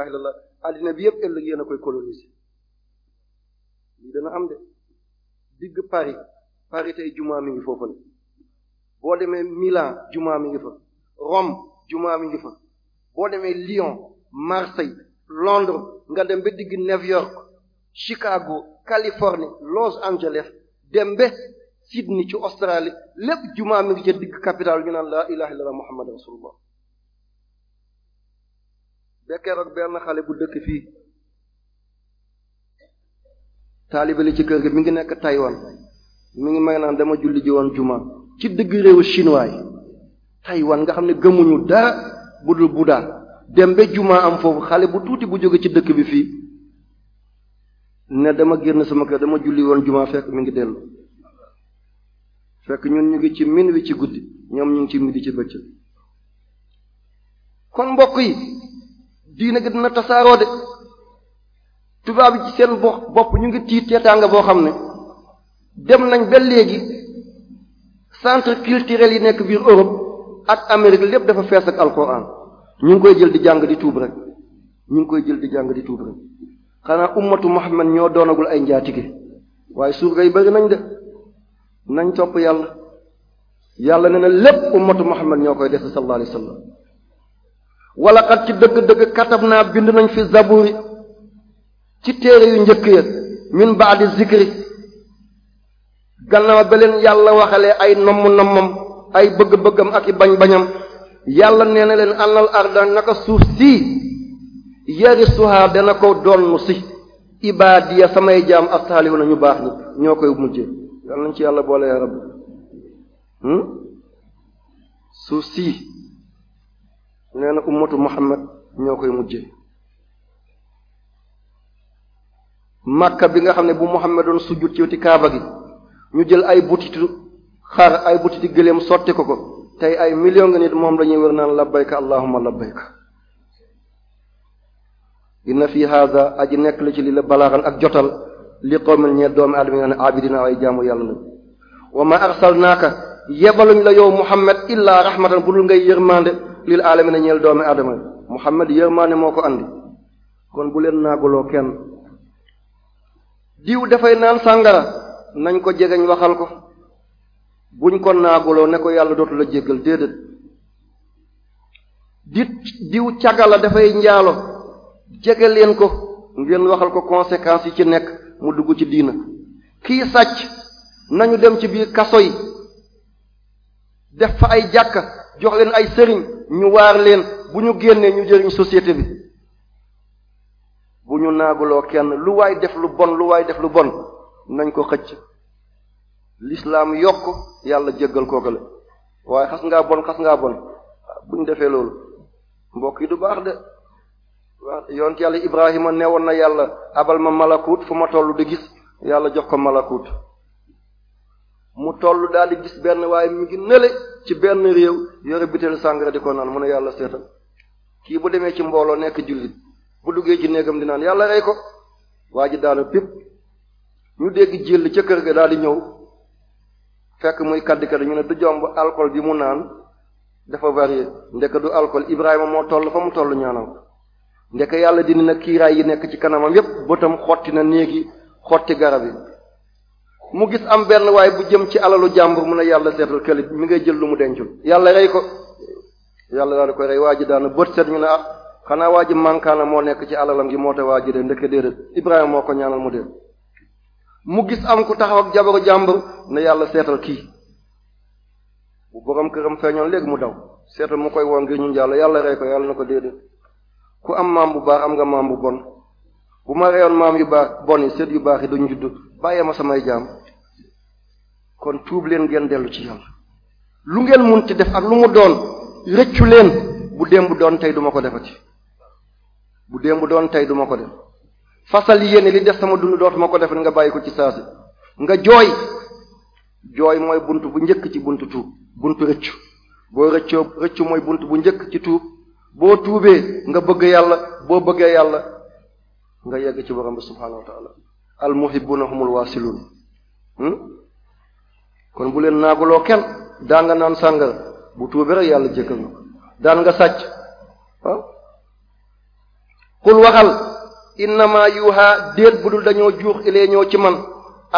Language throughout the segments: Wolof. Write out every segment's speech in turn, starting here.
ilaha illallah addina bi yëpp ëllëg yéen a koy coloniser lii dana am de digg Paris Paris tey jumaa mi foofu ne boo demee Milan jumaa mi ngi fa Rome jumaa mi ngi fa boo demee Lyon Marseille Londres nga dem ba digg New York Chicago Californie Los Angeles dem ba Sydney ci Australie lépp jumaa mi ngi ca digg capital ñu naan laa ilaha illallah Muhammad rasulullah ba keroog benn xale bu dëkk fii taalibe li ci kër gi mi ngi nekk Taïwan mu ngi may naan dama julli ji woon jumaa ci dëgg réewu chinois yi Taïwan nga xam ne gëmuñu dara bu dul Bouddha dem ba juma am foofu xale bu tuuti bu jóge ci dëkk bi fii ne dama génn sama kër dama julli woon juma fekk mi ngi dellu fekk ñun ñu ngi ci min wi ci guddi ñoom ñu ngi ci midi ci bëccëg kon mbokk yi diina gi dina tasaaroo de tubaab yi ci seen bopp ñu ngi tiit teetaanga boo xam ne dem nañ ba léegi centre culturel yi nekk biir Europe ak Amérique lépp dafa fees ak alquran ñu ngi koy jël di jàng di tuub rek ñu ngi koy jël di jàng di tuub rek xanaa ummatu Muhammad ñoo doonagul ay njaatige waaye surga yi bari nañ de nañ topp yàlla yàlla ne na lépp ummatu Muhammad ñoo koy def sallallahu alayhi wa wala xat ci dëgg-dëgg katab naa bind nañ fi zaburi ci téere yu njëkk ya min baadi zikri gannaaw ba leen yàlla waxale ay nomm nommam ay bëgg-bëggam ak i bañ-bañam yàlla nee na leen ànnal arda naka suuf sii yari suhaa dana ko doon si ibaadiya samay jaam astaaliwu na baax ñi ñoo koy mujjee yàlla nañ ci yàlla boole ya rabbi hmm? suuf sii nee na ummatu muhammad ñoo koy mujjee màkka bi nga xam ne bu muhammad doon sujjut ci weti kaaba gi ñu jël ay butitu xar ay butiti gëléem sotti ko ko tey ay million nga nit moom lañuy wër naan labbayka allahumma labbayka inna fi hada aji nekk la ci li la balaaran ak jotal li qawmin ñee doomi aadama yi ne abidina ay jaamu yàlla lañu wa ma arsalnaaka yebaluñ la yow muhammad illaa rahmatan bu dul ngay yërmande lil aalamiina ñeel doomi aadama Muhammad yërmaane moo ko andi kon bu leen naaguloo kenn diw dafay naan sàngara nañ ko jegeñ waxal ko buñ ko naaguloo ne ko yàlla dootul a jéggal déedéet di diw cagala dafay njaalo jege leen ko ngeen waxal ko conséquences yi ci nekk mu dugg ci diina kii sàcc nañu dem ci biir kaso yi def fa ay jàkka jox leen ay sëriñ ñu waar leen bu ñu génnee ñu jëriñ société bi bu ñu naaguloo kenn lu waay def lu bon lu waay def lu bon nañ ko xëcc lislaam yokk yàlla jéggal kookale waaye xas ngaa bon xas ngaa bon ah, bu ñu defee loolu mbokk yi du baax de waaw yonent yàlla Ibrahima newoon na yàlla abal ma malakut fu ma toll di gis yàlla jox ko malakut mu toll daal di gis benn waaye mu ngi nële ci benn réew yore butéel sàngara di ko naan mu a yàlla seetal kii bu demee ci mbooloo nekk jullit bu duggee ci néegam di naan yàlla rey ko waa ji daana pip ñu dégg jël ca kër ga daal di ñëw fekk muy kaddikat ñu ne du jomb alcool bi mu naan dafa varié ndek du alcool Ibrahima moo toll fa mu toll ñaanal ko yàlla dindi na kiiraay yi nekk ci kanamam yépp bëtam xotti na néegi xotti garab yi mu gis am benn waaye bu jëm ci alalu jàmbur mu ne yàlla seetal kële mi ngay jël lu mu dencul yàlla rey ko yàlla daal di koy rey waa ji daana bët set ñu ne ah xanaa waa ji mankaana moo nekk ci alalam gi moo tax waa ji de ndeke déedéet Ibrahima moo ko ñaanal mu dee mu gis am ku taxaw ak jabaru jàmbur ne yàlla seetal kii bu borom këram feeñoon léegi mu daw seetal mu koy woo ngir ñun yàlla yàlla rey ko yàlla na ko déedéet ku am maam bu baax am nga maam bu bon bu ma reyoon maam yu baax bon yi seet yu baax duñ judd bàyyee ma samay jaam kon tuub leen ngeen dellu ci yàlla lu ngeen mun munti def ak lu mu doon rëccu leen bu démb doon duma ko defati bu démb doon tey duma ko def fasal yéene li def sama dund dootuma ko def nga bàyyi ko ci saasi nga jooy jooy mooy bunt bu njëkk ci buntu tuub buntu rëccu boo rëccoo rëccu mooy bunt bu njëkk ci tuub boo tuubee nga bëgg yàlla boo bëggee yàlla nga yegg ci borom bi subhaanahu wa al muhibbuna humul wasilun hmm? kon bu leen naaguloo kenn daan nga naan sàngal bu tuubi rek yàlla jëkkal na daan nga sàcc ah xul waxal innama yuha déet bu dul dañoo juux ilee ñoo ci man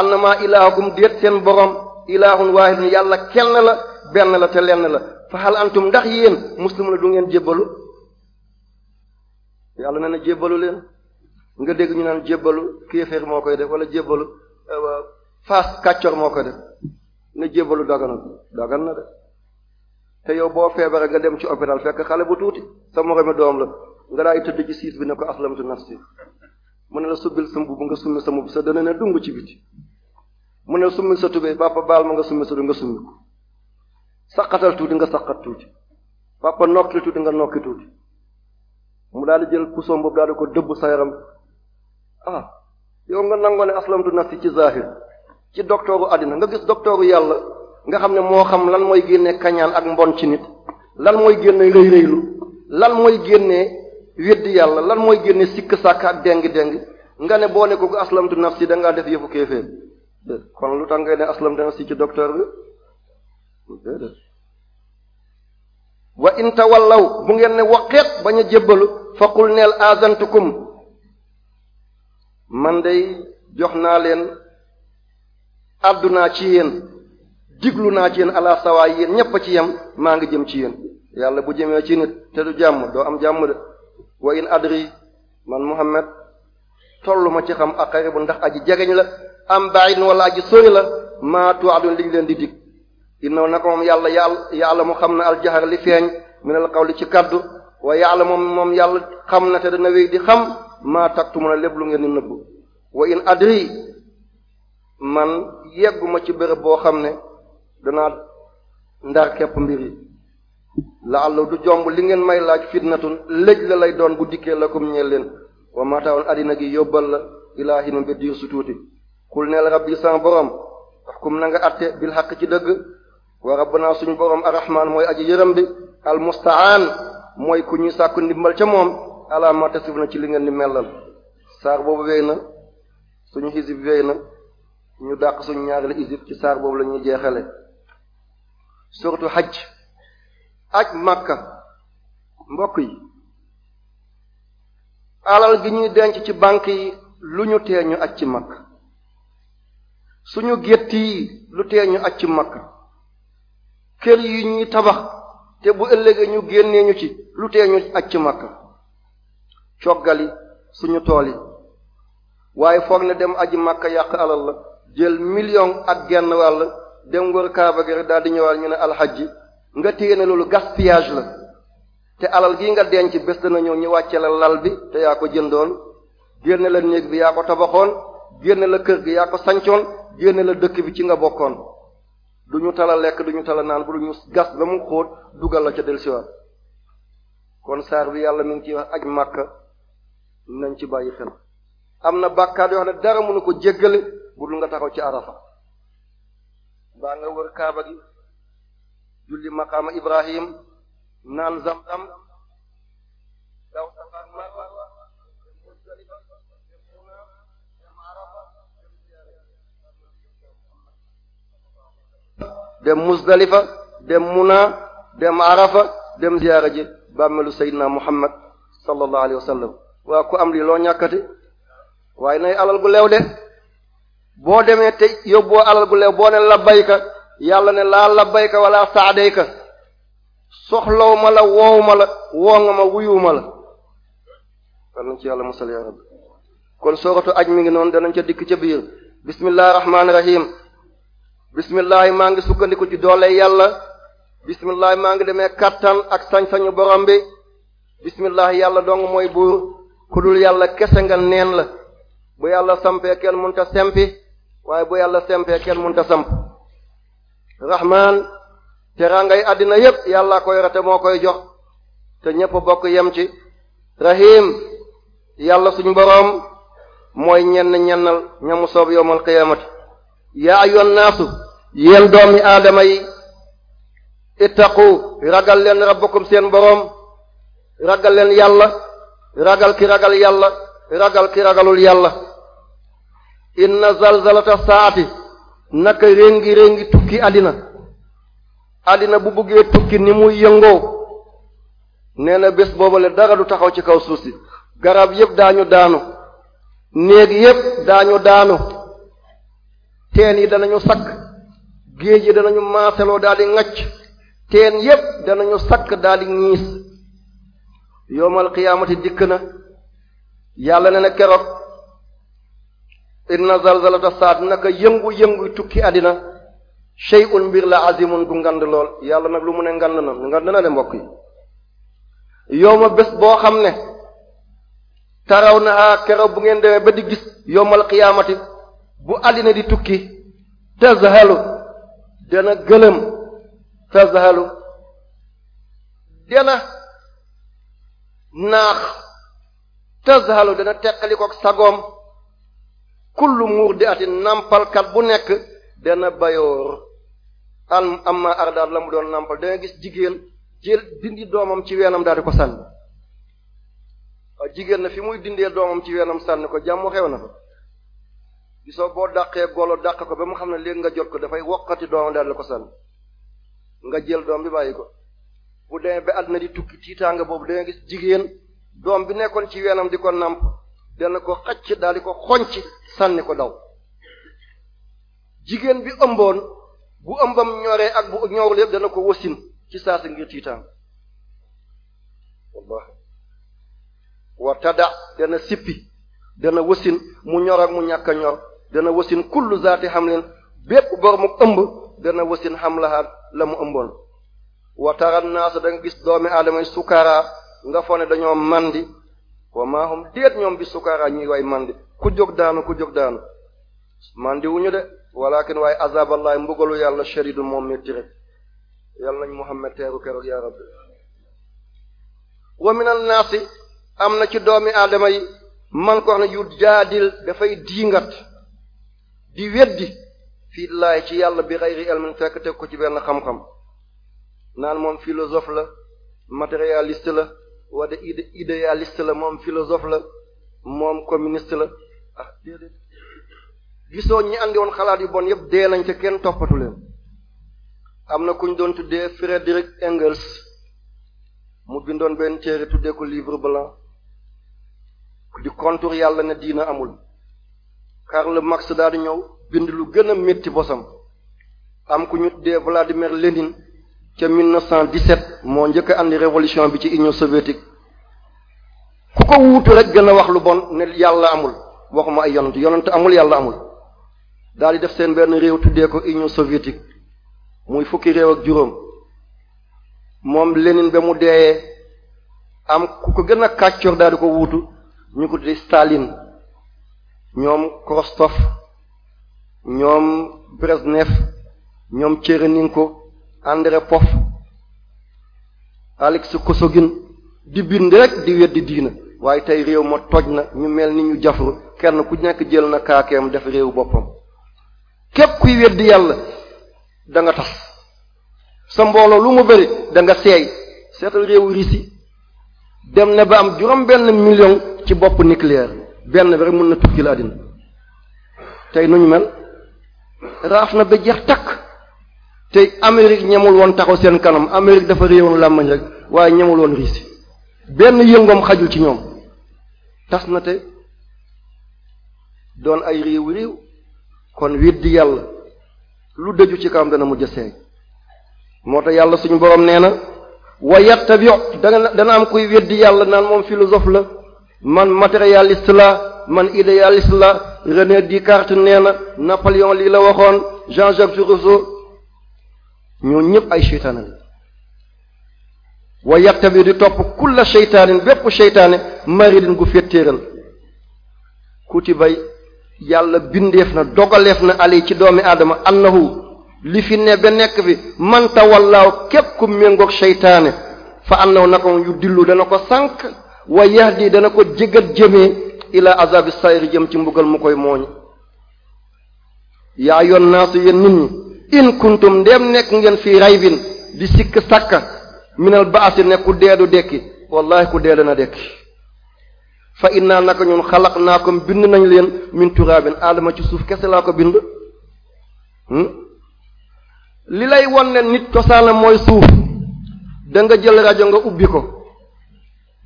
annama ilaahukum déet seen borom ilaahun waahidun yàlla kenn la benn la te lenn la fa hal antum ndax yéen muslim la du ngeen jébbalu yàlla nee na jébbalu leen nga dégg ñu naan jébbalu kéeféer moo koy def wala jébbalu euh, faas kàccor moo koy de ne jébbalu daganal dagan na de te yow boo feebaree nga dem ci hôpital fekk xale bu tuuti sa moromi doom la nga daay tëdd ci siis bi ne ko aslamtu nafsi mu ne la subbil sa mbubb nga summi sa mbubb sa dana ne dung ci biti mu ne la summi sa tubéy papa baal ma nga summi sa du nga summi ko saqatal tuuti nga saqat tuuti papa nokki tuuti nga nokki tuuti mu daal di jël pusoom boobu daal ko dëbb sa yaram ah yow nga nangoo ne aslamtu nafsi ci zahir ci docteuru àddina nga gis docteuru yàlla nga xam ne moo xam lan mooy génne kañaan ak mbon ci nit lan mooy génne rëy rëylu lan mooy génne weddi yàlla lan mooy génne sikk sàkk ak déng-déng nga ne boo ne ko aslamtu nafsi da ngaa def yëfu kéeféer kon lu tax ngay ne aslamtu nafsi ci docteur bi wa in bu ngeen ne waqeet bañ a jébbalu faqul neel azantukum man day jox naa leen àddunaa ci yéen diglu naa ci yéen ala sawaay ñépp ci yem maa ngi jëm ci yéen yàlla bu jëmee ci nit te du jàmm doo am jàmm de wa in adri man Muhammad tollu ci xam aqaribu ndax aji jegeñ la am ba'id wala aji sori la maa tu'adun liñ leen di dig innaw naka moom yàlla yàlla yàlla mu xam na aljaxar li feeñ minal qawli ci kaddu wa yàlla moom moom yàlla xam na te dana wéy di xam maa na lépp lu ngeen di nëbb wa in adri man yegguma ci bërëb boo xam ne danaa ndar képp mbir yi la àllu du jomb li ngeen may laaj fitnatun léj la lay doon bu dikkee la kum ñeel wa mataawoon addina gi yóbbal la ilaahinum ba diir su tuuti xul neel rabbi sama borom xukkum na nga atte bil xaq ci dëgg wa rabbana suñu borom arrahman mooy aji yërëm bi almustaan mooy ku ñuy sàkku ndimbal ca moom ala ma tasifuna ci li ngeen di mellal saar boobu wéy na suñu xisib wéy na ñu dàq ñaar ñaareelu xisib ci saar boobu la jeexale surtout xaj aj màkka mbokk yi alal gi ñuy denc ci banque yi lu ñu tee ñu aj ci màkk suñu gétt yi lu tee ñu aj ci màkk kër yi ñuy tabax te bu ëllëgee ñu génnee ñu ci lu tee ñu aj ci màkk coggali suñu tool yi waaye foog ne dem aji makka yàq alal la jël million ak genn wàll dem wër kaaba gi daal di ñëwaat ñu ne alxajji nga téye ne loolu gaspillage la te alal gi nga denc bés dana ñëw ñu wàcce la lal bi te yaa ko jëndoon génne la néeg bi yaa ko tabaxoon génne la kër gi yaa ko sancoon génne la dëkk bi ci nga bokkoon du ñu tala lekk du ñu tala naan bu du gas ba mu xóot dugal la ca dellusiwaat kon saar bi yàlla mi ngi ci wax aj makka nañ ci bàyyi xel am na bàkkaar yoo xam ne dara mënu ko jéggale bu dul nga taxaw ci arafa baa nga wër kaaba gi julli maqaama ibrahim naan zamzam daw safaak marwa dem musdalifa dem munaa dem arafa dem ziyaara ji bàmmeelu seydina muhammad sallallahu alayhi wa sallam waa ku am lii loo ñàkkati waaye nay alal gu leew de boo demee te yóbboo alal gu leew boo ne labbayka yàlla ne laa labbayka wala saadayka soxlaw ma la woow ma la woo nga ma wuyu la kon nañ ci yàlla musal yaa aj mi ngi noonu danañ ca dikk ca biir bismillahi rahmaani rahim bismillahi maa ngi sukkandiku ci doole yàlla bismillahi maa ngi demee kattan ak sañ-sañu borom bismillahi yàlla dong mooy buur ku yàlla kese nga neen la bu yàlla sampee kenn munta sempi waaye bu yàlla sempee kenn munta samp rahmaan teraangay àddina yépp yàlla koy rate moo koy jox te ñépp bokk yem ci rahim yàlla suñ boroom mooy ñenn ñennal ñamu soob yowmal qiyaamati yaa ayyuhan naasu yéen doomi aadama yi ittaqu ragal leen rabbukum seen boroom ragal leen yàlla ragal ki ragal yàlla ragal ki ragalul yàlla inna zalzalata saati naka réngi réngi tukki àddina àddina bu buggee tukki ni mu yëngoo nee na bés boobale dara du taxaw ci kaw suuf si garab yépp daañu daanu néeg yépp daañu daanu teen yi danañu sakk géej yi danañu maaseloo daal di ŋacc teen yépp danañu sakk daal ñiis yowmal qiyaamati dikk na yàlla ne na keroog inna zalzalata saat naka yëngu-yëngu tukki àddina shay'un mbir la azimun gu ngand lool yàlla nag lu mu ne ngand na ngand na de mbokk yi yowma bés boo xam ne taraw na ah, keroog bu ngeen demee ba di gis yowmal qiyaamati bu àddina di tukki tazhalu dana gëlëm tazhalu dana naax tazhalu dana teqalikook sagoom kulu muur di ati nàmpalkat bu nekk dana bayoor al amma ardaat la mu doon nampal danga gis jigéen jël dindi doomam ci weenam daal di ko sànni jigéen na fi muy dindee doomam ci weenam sànni ko jàmm xew na fa gisoo boo dàqee golo dàq ko ba mu xam ne léegi nga jot ko dafay wokkati doomam daal di ko sànni nga jël doom bi bàyyi ko bu demee ba àddina di tukki tiitaanga boobu danga gis jigéen doom bi nekkoon ci weenam di ko namp dana ko xacc daal di ko xonc sànni ko daw jigéen bi ëmboon bu ëmbam ñoree ak bu ñorul dana ko wasin ci saasi ngir tiitaanga wallahi wa tada dana sippi dana wasin mu ñor mu ñàkk a ñor dana wasin kullu zaati hamlin bépp bor mu ëmb dana wasin hamlaha la mu ëmboon wa taran naasa da gis doomi aadama yi sukara nga fone dañoo mandi wa maa hum déet ñoom bi sukara ñuy way mandi ku jóg daanu ku jóg daanu mandi de walakin waaye azaballahi mbugalu yàlla shadidu moom métti rek yàlla nañ Muhammad teeru keroog ya rabbi wa minal naasi am na ci doomi aadama yi man ko wax ne yu jaadil dafay diingat di weddi fii laay ci yàlla bi xayri elmin fekk teg ko ci benn xam-xam naan moom philosophe la matérialiste la wala idé idéaliste la moom philosophe la moom communiste la ah déedéet gisoo ñi andi woon xalaat yu bon yëpp dee nañ ca kenn toppatu leen am na ku ñu doon tuddee Frédéric Engels mu bindoon benn téere tuddee ko livre blanc di contour yàlla ne diina amul Karl Marx daal di ñëw bind lu gën a métti bosam am ku ñu tuddee Vladimir Lénine ca 1917 moo njëkk a révolution bi ci union soviétique ku ko wuutu rek gën a wax lu bon ne yàlla amul waxuma ay yonent yonent amul yàlla amul daal di def seen benn réew tuddee ko union soviétique muy fukki réew ak juróom moom Lénine ba mu deeyee am ku ko gën a kàccoor daal di ko wuutu ñu ko tuddee Staline ñoom Khrouchtchev ñoom Brezhnev ñoom Tchernenko André Pof Alex Kosogin di bind rek di weddi diina waaye tey réew ma toj na ñu mel ni ñu jafru kenn ku nekk jël na kaakeem def réew boppam képp kuy weddi yàlla da tas sa mbooloo lu mu bëri danga nga seey seetal réewu Russie dem na ba am juróom benn million ci bopp nucléaire benn bi rek mën na tukki la àddina tey nu ñu mel raaf na ba jeex takk te Amérique ñamul woon taxaw seen kanam Amérique dafa réewoon làmmañ rek waaye ñemul woon Russie benn yëngoom xajul ci ñoom tas na te doon ay réew réew kon weddi yàlla lu dëju ci kawam dana mujj seey moo tax yàlla suñu borom nee na wa yattabiu dana dana am kuy weddi yàlla naan moom philosophe la man matérialiste la man idéaliste la René Descartes nee na Napoléon lii la waxoon Jean-Jacques Rousseau ñoom ñëpp ay seytaane la wa yattabi di topp kulla seytaanin bépp seytaane maridin gu kuti bay yàlla bindeef na dogaleef na ali ci doomi aadama annahu li fi ne ba nekk fi man tawallaaw képp ku méngoog seytaane fa annahu naka yu dillu dana ko sànq wa yahdi dana ko jégat jëmee ila azabi sayri jëm ci mbugal mu koy mooñ yaa yoon naasu yéen nit ñi in kuntum ndem nekk ngeen fii raybin di sikk sàkka minal baasi ne ku deedu dekki wallahi ku deedu na dekki fa innaa naka ñun xalaq naa ko bind nañ leen min turaabin aadama ci suuf kese laa ko bind hmm? li lay won ne nit cosaana mooy suuf da nga jël rajo nga ubbi ko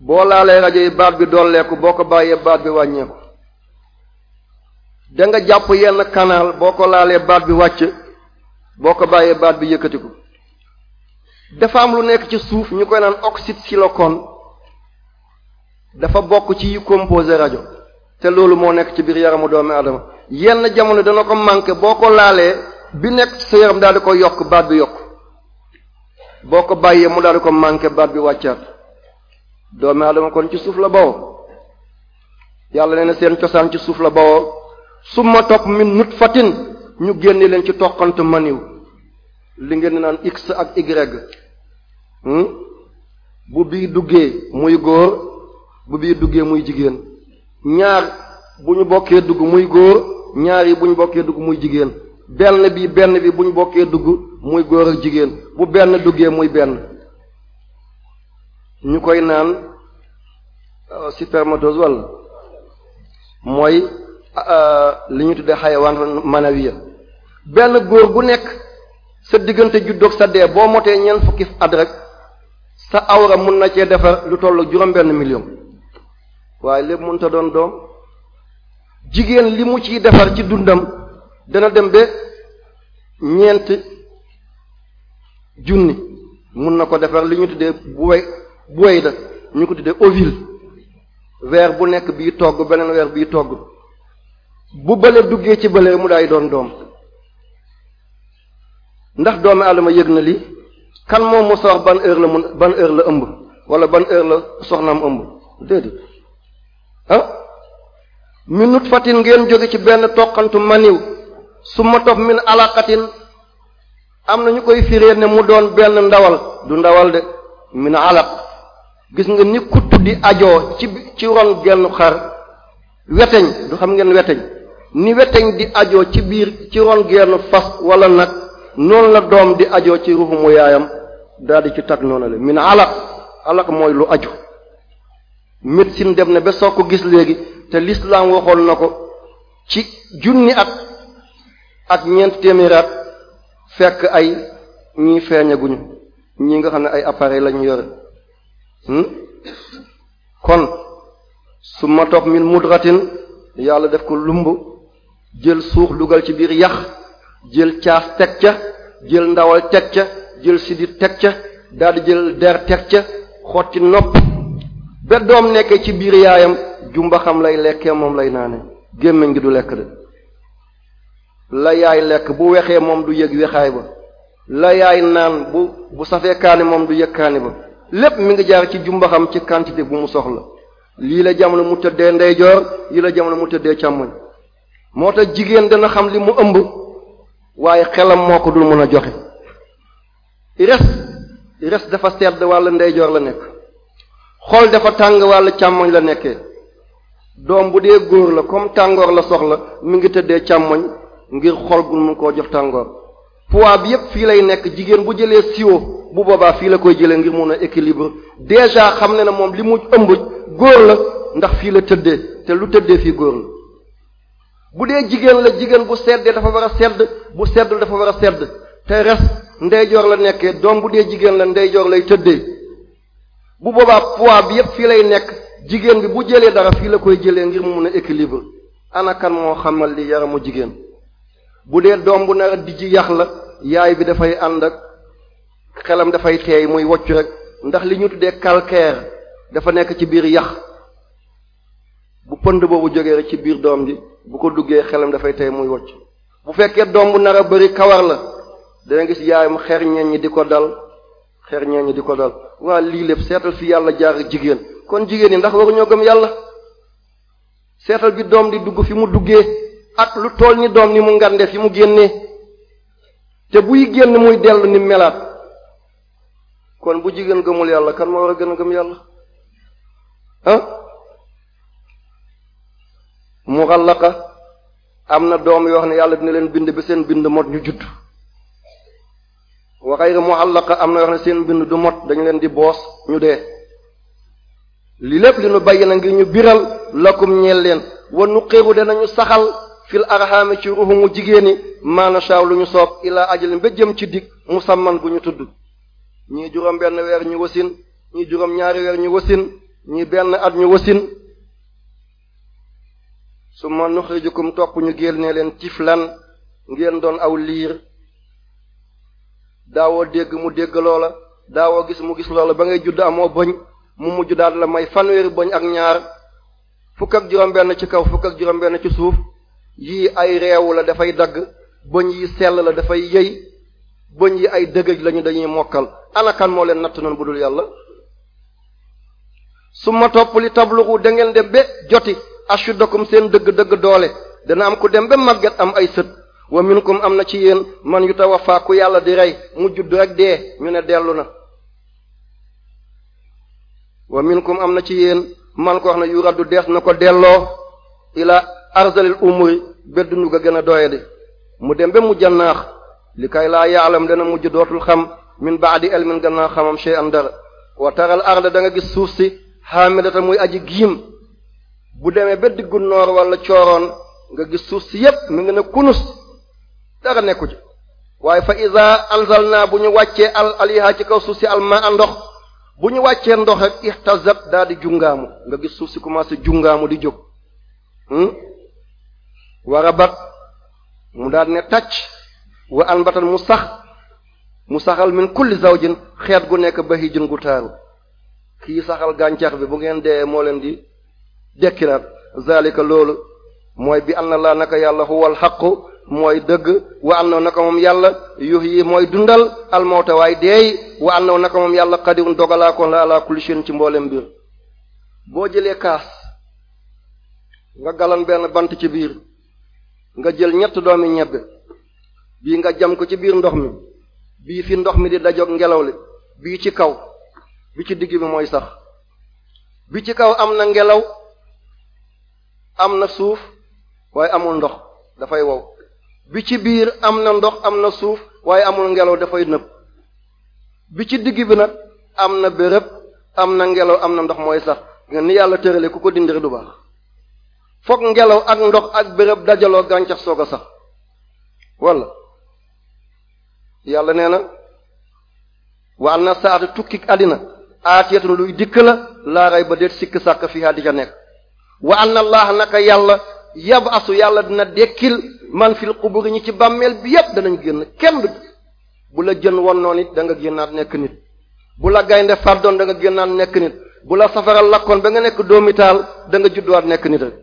boo laalee rajo yi baat bi dolleeku boo ko bàyyee baat bi wàññeeku da jàpp yenn kanaal boo ko laalee baat bi wàcc boo ko bàyyee baat bi yëkkatiku dafa am lu nekk ci suuf ñu koy naan oxyde silicone dafa bokk ci yi composé rajo te loolu moo nekk ci biir yaramu doomi aadama yenn jamono dana ko manqué boo ko laalee bi nekk sa yaram daal di ko yokk baat bi yokk boo ko bàyyee mu daal di ko manqué baat bi wàccaat doomi aadama kon ci suuf la bawoo yàlla nee na seen cosaan ci suuf la bawoo summa topp min nutfatin ñu génne leen ci toqante maniw li ngeen naan x ak y hmm? bu bii duggee muy góor bu bii duggee muy jigéen ñaar bu ñu bokkee dugg muy góor ñaar yi bu ñu bokkee dugg muy jigéen benn bi benn bi bu ñu bokkee dugg muy góor ak jigéen bu benn duggee muy benn ñu koy naan euh, spermatozoïde walla mooy li ñu tuddee xayawaan manawiya benn góor gu nekk sa diggante juddoog sa dee boo motee ñeent fukki at rek sa awra mun na cee defar lu tollu juróom-benn million waaye lépp mënut a doon doom jigéen li mu ciy defar ci dundam dana dem ba ñeent junni mun na ko defar li ñu tuddee buway buway da ñu ko tuddee ovule weer bu nekk bii togg beneen weer bii togg bu bële duggee ci bële mu daay doon doom ndax doomi ma yëg na li kan moom mu wax ban heure la mun ban heure la ëmb wala ban heure la soxnaam ëmb déedéet ah nut fatin ngeen jóge ci benn toqantu maniw su ma tof min alaqatin am na ñu koy firee ne mu doon benn ndawal du ndawal de min alaq gis nga ni kutt di ajoo ci ci ron genn xar weteñ du xam ngeen weteñ ni weteñ di ajoo ci biir ci ron geenu fas wala nag noonu la doom di ajoo ci ruxu mu yaayam daldi ci tag noonu la min alaq alaq mooy lu aju médecine dem na ba soo ko gis léegi te lislaam waxoon na ko ci junni at ak ñeent téeméeri fekk ay ñii feeñaguñu ñi nga xam ne ay appareil lañu yore hmm? kon su ma toog mudratin yàlla def ko lumb jël suux dugal ci biir yax jël caaf teg ca jël ndawal teg ca jël sidit teg ca daldi jël der teg ca xotti nopp be doom nekkee ci biir yaayam jumba xam lay lekkee moom lay naane gémmiñ gi du lekk de la yaay lekk bu weexee moom du yëg wexaay ba la yaay naan bu bu safee kaani moom du yëg kaani ba lépp mu ngi jaar ci jumba xam ci quantité bu mu soxla lii la jamono mu tëddee ndeyjoor lii la jamono mu tëddee càmmoñ moo tax jigéen dana xam li mu ëmb waaye xelam moo ko dul mën a joxe res res dafa sedd wàll ndeyjoor la nekk xol dafa tàng wàll càmmoñ la nekkee doom bu dee góor la comme tàngoor la soxla mu ngi tëddee càmmoñ ngir xol gu mun koo jox tàngoor poids bi yépp fii lay nekk jigéen bu jëlee siwo bu boobaa fii la koy jëlee ngir mun a équilibre déjà xam ne na moom li mu ëmb góor la ndax fii la tëddee te lu tëddee fii góor la bu dee jigéen la jigéen bu seddee dafa war a sedd bu seddul dafa war a sedd te res ndeyjoor la nekkee doom bu dee jigéen la ndeyjoor lay tëddee bu boobaa poids bi yépp fii lay nekk jigéen bi bu jëlee dara fii la koy jëlee ngir mu mun a équilibre ana moo xamal li yaramu jigéen bu dee doom bu nar a dijji yax la yaay bi dafay ànd ak xelam dafay teey muy wocc rek ndax li ñu tuddee calcaire dafa nekk ci biir yax bu pënd boobu jógee rek ci biir doom ji bu ko duggee xelam dafay tey muy wocc bu fekkee doom bu nar a bari kawar la dana gis yaayam xer ñeen ñi di ko dal xer ñeen di ko dal waa lii lépp seetal fi yàlla jaar jigéen kon jigéen ñi ndax waruñoo gëm yàlla seetal bi doom di dugg fi mu duggee ak lu tool ni doom ni mu ngande fi mu génnee te buy génn muy dellu ni melaat kon bu jigéen gëmul yàlla kan moo war a gën a gëm yàlla ah muxallaqa am na doom yoo xam ne yàlla dina leen bind ba seen bind mot ñu judd wa xayra muxallaqa am na yoo seen bind du mot dañu leen di boos ñu dee li lépp li nu bàyyi na ngir ñu biral lakkum ñeel leen wa nu de danañu saxal fil arxaami ci ruxumu jigéen ñi maanaam lu ñu soob ilaa ajal ba jëm ci dig musamman bu ñu tudd ñii juróom benn weer ñu wasin ñii juróom ñaari weer ñu wasin ñii benn at ñu wasin su summa nuxrijukum topp ñu génne leen tiflan ngeen doon aw liir daawoo dégg mu dégg loola daawoo gis mu gis loola ba ngay judd amoo bëñ mu mujj daal la may fanweeri bëñ ak ñaar fukk ak juróom-benn ci kaw fukk ak ci suuf yii ay reewu la dafay dagg bëñ yi sell la dafay yëy bëñ yi ay dëgëj lañu dañuy mokkal anakan moo leen natt noonu bu dul yàlla su ma topp li tabluxu da ngeen dem be joti ashuddakum seen dëgg-dëgg doole dana am ku dem ba màgget am ay sët wa minkum am na ci yéen man yu tawafaa ku yàlla di rey mu judd rek dee ñu ne dellu na wa minkum am na ci yéen man ko wax ne yu raddu dees na ko delloo ila arzalil umuri ba dund ga gën a doyadi mu dem be mu a naax li kay laa yaalam dana mujj dootul xam min baadi elmin gannaaw xamam shay'an dara wa taral arda da nga gis suuf si xaamidata muy aji giim bu demee ba diggu noor walla cooroon nga gis suuf si yépp mi ngi ne kunus dara nekku ci waaye fa iza naa bu ñu wàccee al aliha ci kaw suuf si alma a ndox bu ñu wàccee ndox rek ihtazat daa di jungaamu nga gis suuf si commencé jungaamu di jóg hmm? wa rabat mu daal ne tàcc wa anbatan mu sax mu saxal min kulli zawjin xeet gu nekk ba gu taaru kii saxal gàncax bi bu ngeen dee moo leen di dekki na zalika loolu mooy bi am na laa naka yàlla huwal xaqu mooy dëgg wa annoo naka moom yàlla yi mooy dundal almawta waay deey wa annoo naka moom yàlla qadirun dogalaakoon la laa kulli shay'in ci mboolem mbir boo jëlee kaas nga galan benn bant ci biir nga jël ñett doomi ñebbe bii nga jam ko ci biir ndox mi bii fi ndox mi di dajoog ngelaw li bii ci kaw bi ci digg bi mooy sax bi ci kaw am na ngelaw am na suuf waaye amul ndox dafay wow bi ci biir am na ndox am na suuf waaye amul ngelaw dafay nëb bi ci digg bi nag am na bërëb am na ngelaw am na ndox mooy sax nga ni yàlla tërale ku ko dindir du baax fokk ngelaw ak ndox ak béréb dajaloo gàncax soog a sax walla yàlla nee na waa na saatu tukki àddina aatiyatun luy dikk la laaray ba déet sikk sàkk fii haa di ca nekk wa anna allah naka yàlla asu yàlla dina dekkil man fil qubur ñi ci bàmmeel bi yépp danañ génn kenn du bu la jën won noon it danga nga génnaat nekk nit bu la gaynde fàddoon da nga génnaat nekk nit bu la safara lakkoon ba nga nekk doomitaal da nga judduwaat nekk nit rek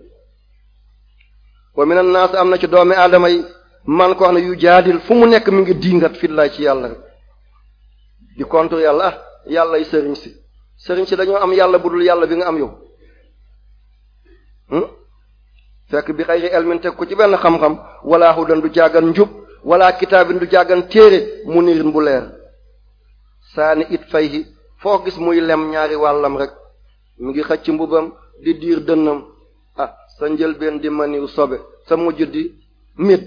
wa min annaas am na ci doomi aadama yi man ko xam ne yu jaadil fu mu nekk mu ngi diingat lay ci yàlla rek di contre yàlla ah yàlla yi sëriñ si sëriñ si dañoo am yàlla bu dul yàlla bi nga am yow Hmm? fekk bi xayri elmin teg ko ci benn xam-xam wala hudan du jàggan njub wala kitaabin du jàggan téere mu nirin bu leer saani it fayhi foo gis muy lem ñaari wàllam rek mu ngi xëcc mbubam di diir dënnam ah sa njëlbeen di maniw sobe sa mujj di mit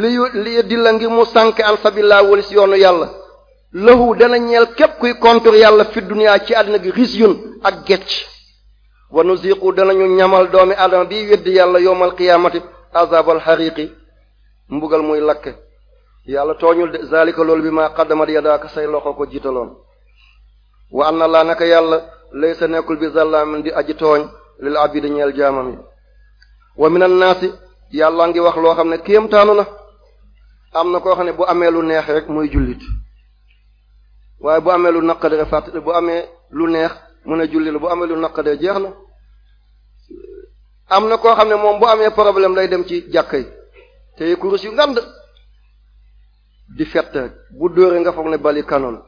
liyu liyu di ngir mu sànk an sabila walis yoonu yàlla lëhu dana ñeel képp kuy kontur yàlla fi duniyaa ci àddina gi ris yun ak gecc wanu nuziqu danañu ñamal doomi adama bi weddi yàlla yowmal qiyaamati azabal xariqi mbugal muy lakk yàlla tooñul de zalika loolu bi ma qaddamat yadaaka say loxo ko jiitaloon wa anna laa naka yàlla sa nekkul bi zallamin di aji tooñ lil abidi ñeel jaamam yi wa minan naasi yàlla ngi wax loo xam ne kéemtaanu na am na koo xam ne bu amee lu neex rek muy jullit waaye bu amee lu naqari fàtt bu amee lu neex mun ne julli la bu amee lu naqadee jeex na am na koo xam ne moom bu amee problème lay dem ci jàkka yi te kurus yu ngand di fett bu dóoree nga foog ne bali kanoon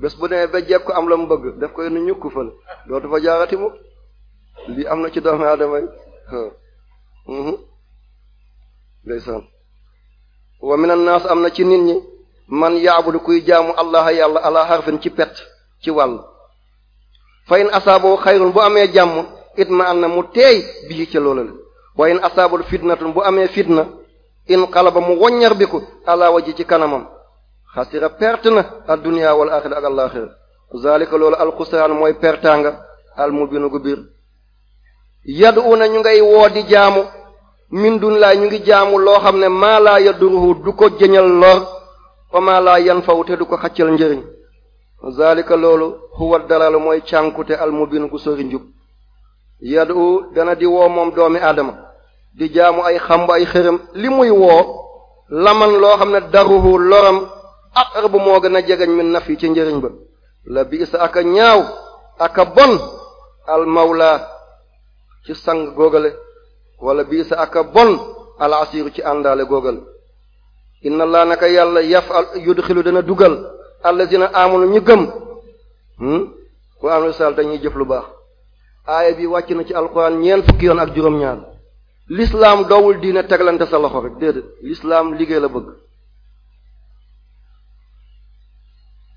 bes bu demee ba jeeg am la mu bëgg daf koy nu ñukk fële dootu fa jaarati mu lii am na ci doomu aadama yi mhm. ndeysaan wa minan naas am na ci nit ñi man yaabudu kuy jaamu allah yàlla ala harfin ci pet ci wàll fa in asaaboo xayrun bu amee jàmm it ma an na mu teey bii ca loola la wa in asaabul fitnatun bu amee fitna in xalaba mu woññar bi ko ala ci kanamam xasira perte na adduniyaa wal axira loolu alxusraan mooy pertanga al mubinu gu biir una ñu ngay woodi jaamu min dun ñu ngi jaamu loo xam ne maa laa yaduruhu du ko jëñal lor wa maa laa yan faw te du ko xaccal njëriñ zalika loolu huwa dalalu mooy cànkute almubin gu sori njub yadu dana di woo moom doomi aadama di jaamu ay xamb ay xërëm li muy woo laman loo xam ne daruhu ak aqrabu moo gën a jegeñ min naf yi ci njëriñ ba la biisa aka ñaaw aka bon al mawla ci sang góogale wala biisa aka bon al asiru ci àndaale góogale inna laa naka yàlla yafal yudxilu dana dugal allazina amanu ñu gëm wa amanu sal dañuy jëf lu baax aaya bi wàcc na ci alquran ñeent fukki yoon ak juróom-ñaar l'islam doowul diine teglante sa loxo rek déedéet l'islam liggéey la bëgg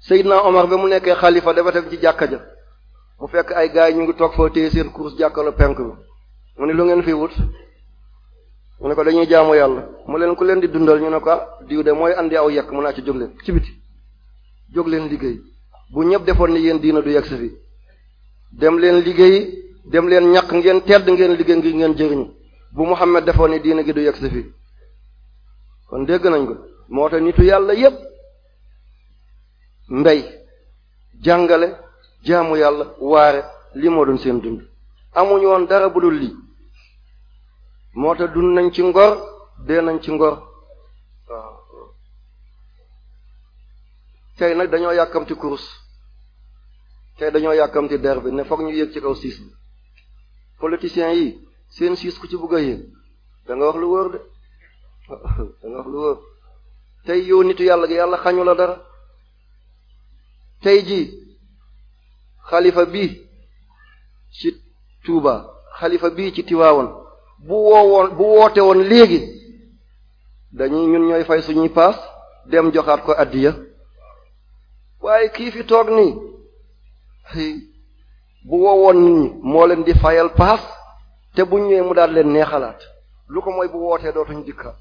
Seydina Omar ba mu nekkee xalifa dafa def ci jàkka ja mu fekk ay gars yi ñu ngi toog foo téye seen course jàkkaloo penk bi mu ne lu ngeen fi wut mu ne ko dañuy jaamu yàlla mu leen ku leen di dundal ñu ne ko ah, diw mooy andi aw yekk mu naa ci jóg leen ci biti jóg leen liggéey bu ñëpp defoon ni yéen diina du yegg si fi dem leen liggéey dem leen ñàkk ngeen tedd ngeen liggéey ngir ngeen jëriñu bu Muhammad defoon ni diina gi du yegg si fi kon dégg nañ ko moo tax nitu yàlla yépp mbey jàngale jaamu yàlla waare li moo doon seen dund amuñu woon dara bu dul lii moo tax dund nañ ci ngor dee nañ ci ngor tey nag dañoo yàkkamti kurus tey dañoo yàkkamti der bi ne foog ñu yéeg ci kaw siis bi yi seen siis ku ci bugg a yéeg da wax lu wóor de da wax lu wóor tey yow nitu yàlla gi yàlla xañu la dara tey ji xalifa bi ci Touba xalifa bii ci Tiwaawoon bu woowoon bu woote léegi dañuy ñun ñooy fay suñuy paas dem joxaat ko addiya waaye kii fi toog nii bu woowoon nit ñi moo leen di fayal paas te bu ñëwee mu daal leen neexalaat lu ko mooy bu wootee dootuñu dikkaat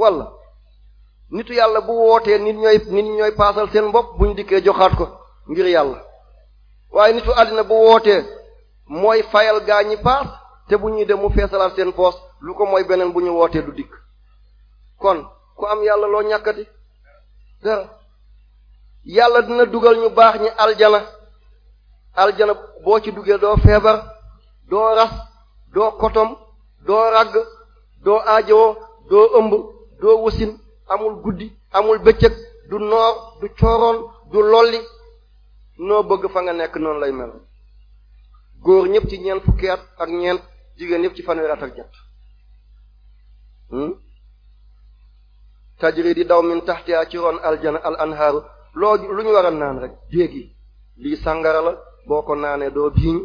walla nitu yàlla bu wootee nit ñooy nit ñooy paasal seen bopp buñ dikkee joxaat ko ngir yàlla waaye nitu àddina bu wootee mooy fayal gaa ñi paas te bu ñuy dem mu feesalaat seen poos lu ko mooy beneen bu ñu wootee du dikk kon ku am yàlla loo ñàkkati dara yàlla dina dugal ñu baax ñi aljana aljana boo ci duggee doo feebar doo ras doo kotom doo ragg doo aajowoo doo ëmb doo wasin amul guddi amul bëccëg du noor du cooroon du lolli noo bëgg fa nga nekk noonu lay mel góor ñëpp ci ñeent fukki at ak ñeent jigéen ñëpp ci fanweer at ak ñett hmm? tajri di daw min taxtiya ci ron aljana al anhaaru loo lu ñu war a naan rek jéegi lii sàngara la boo ko naanee doo biiñ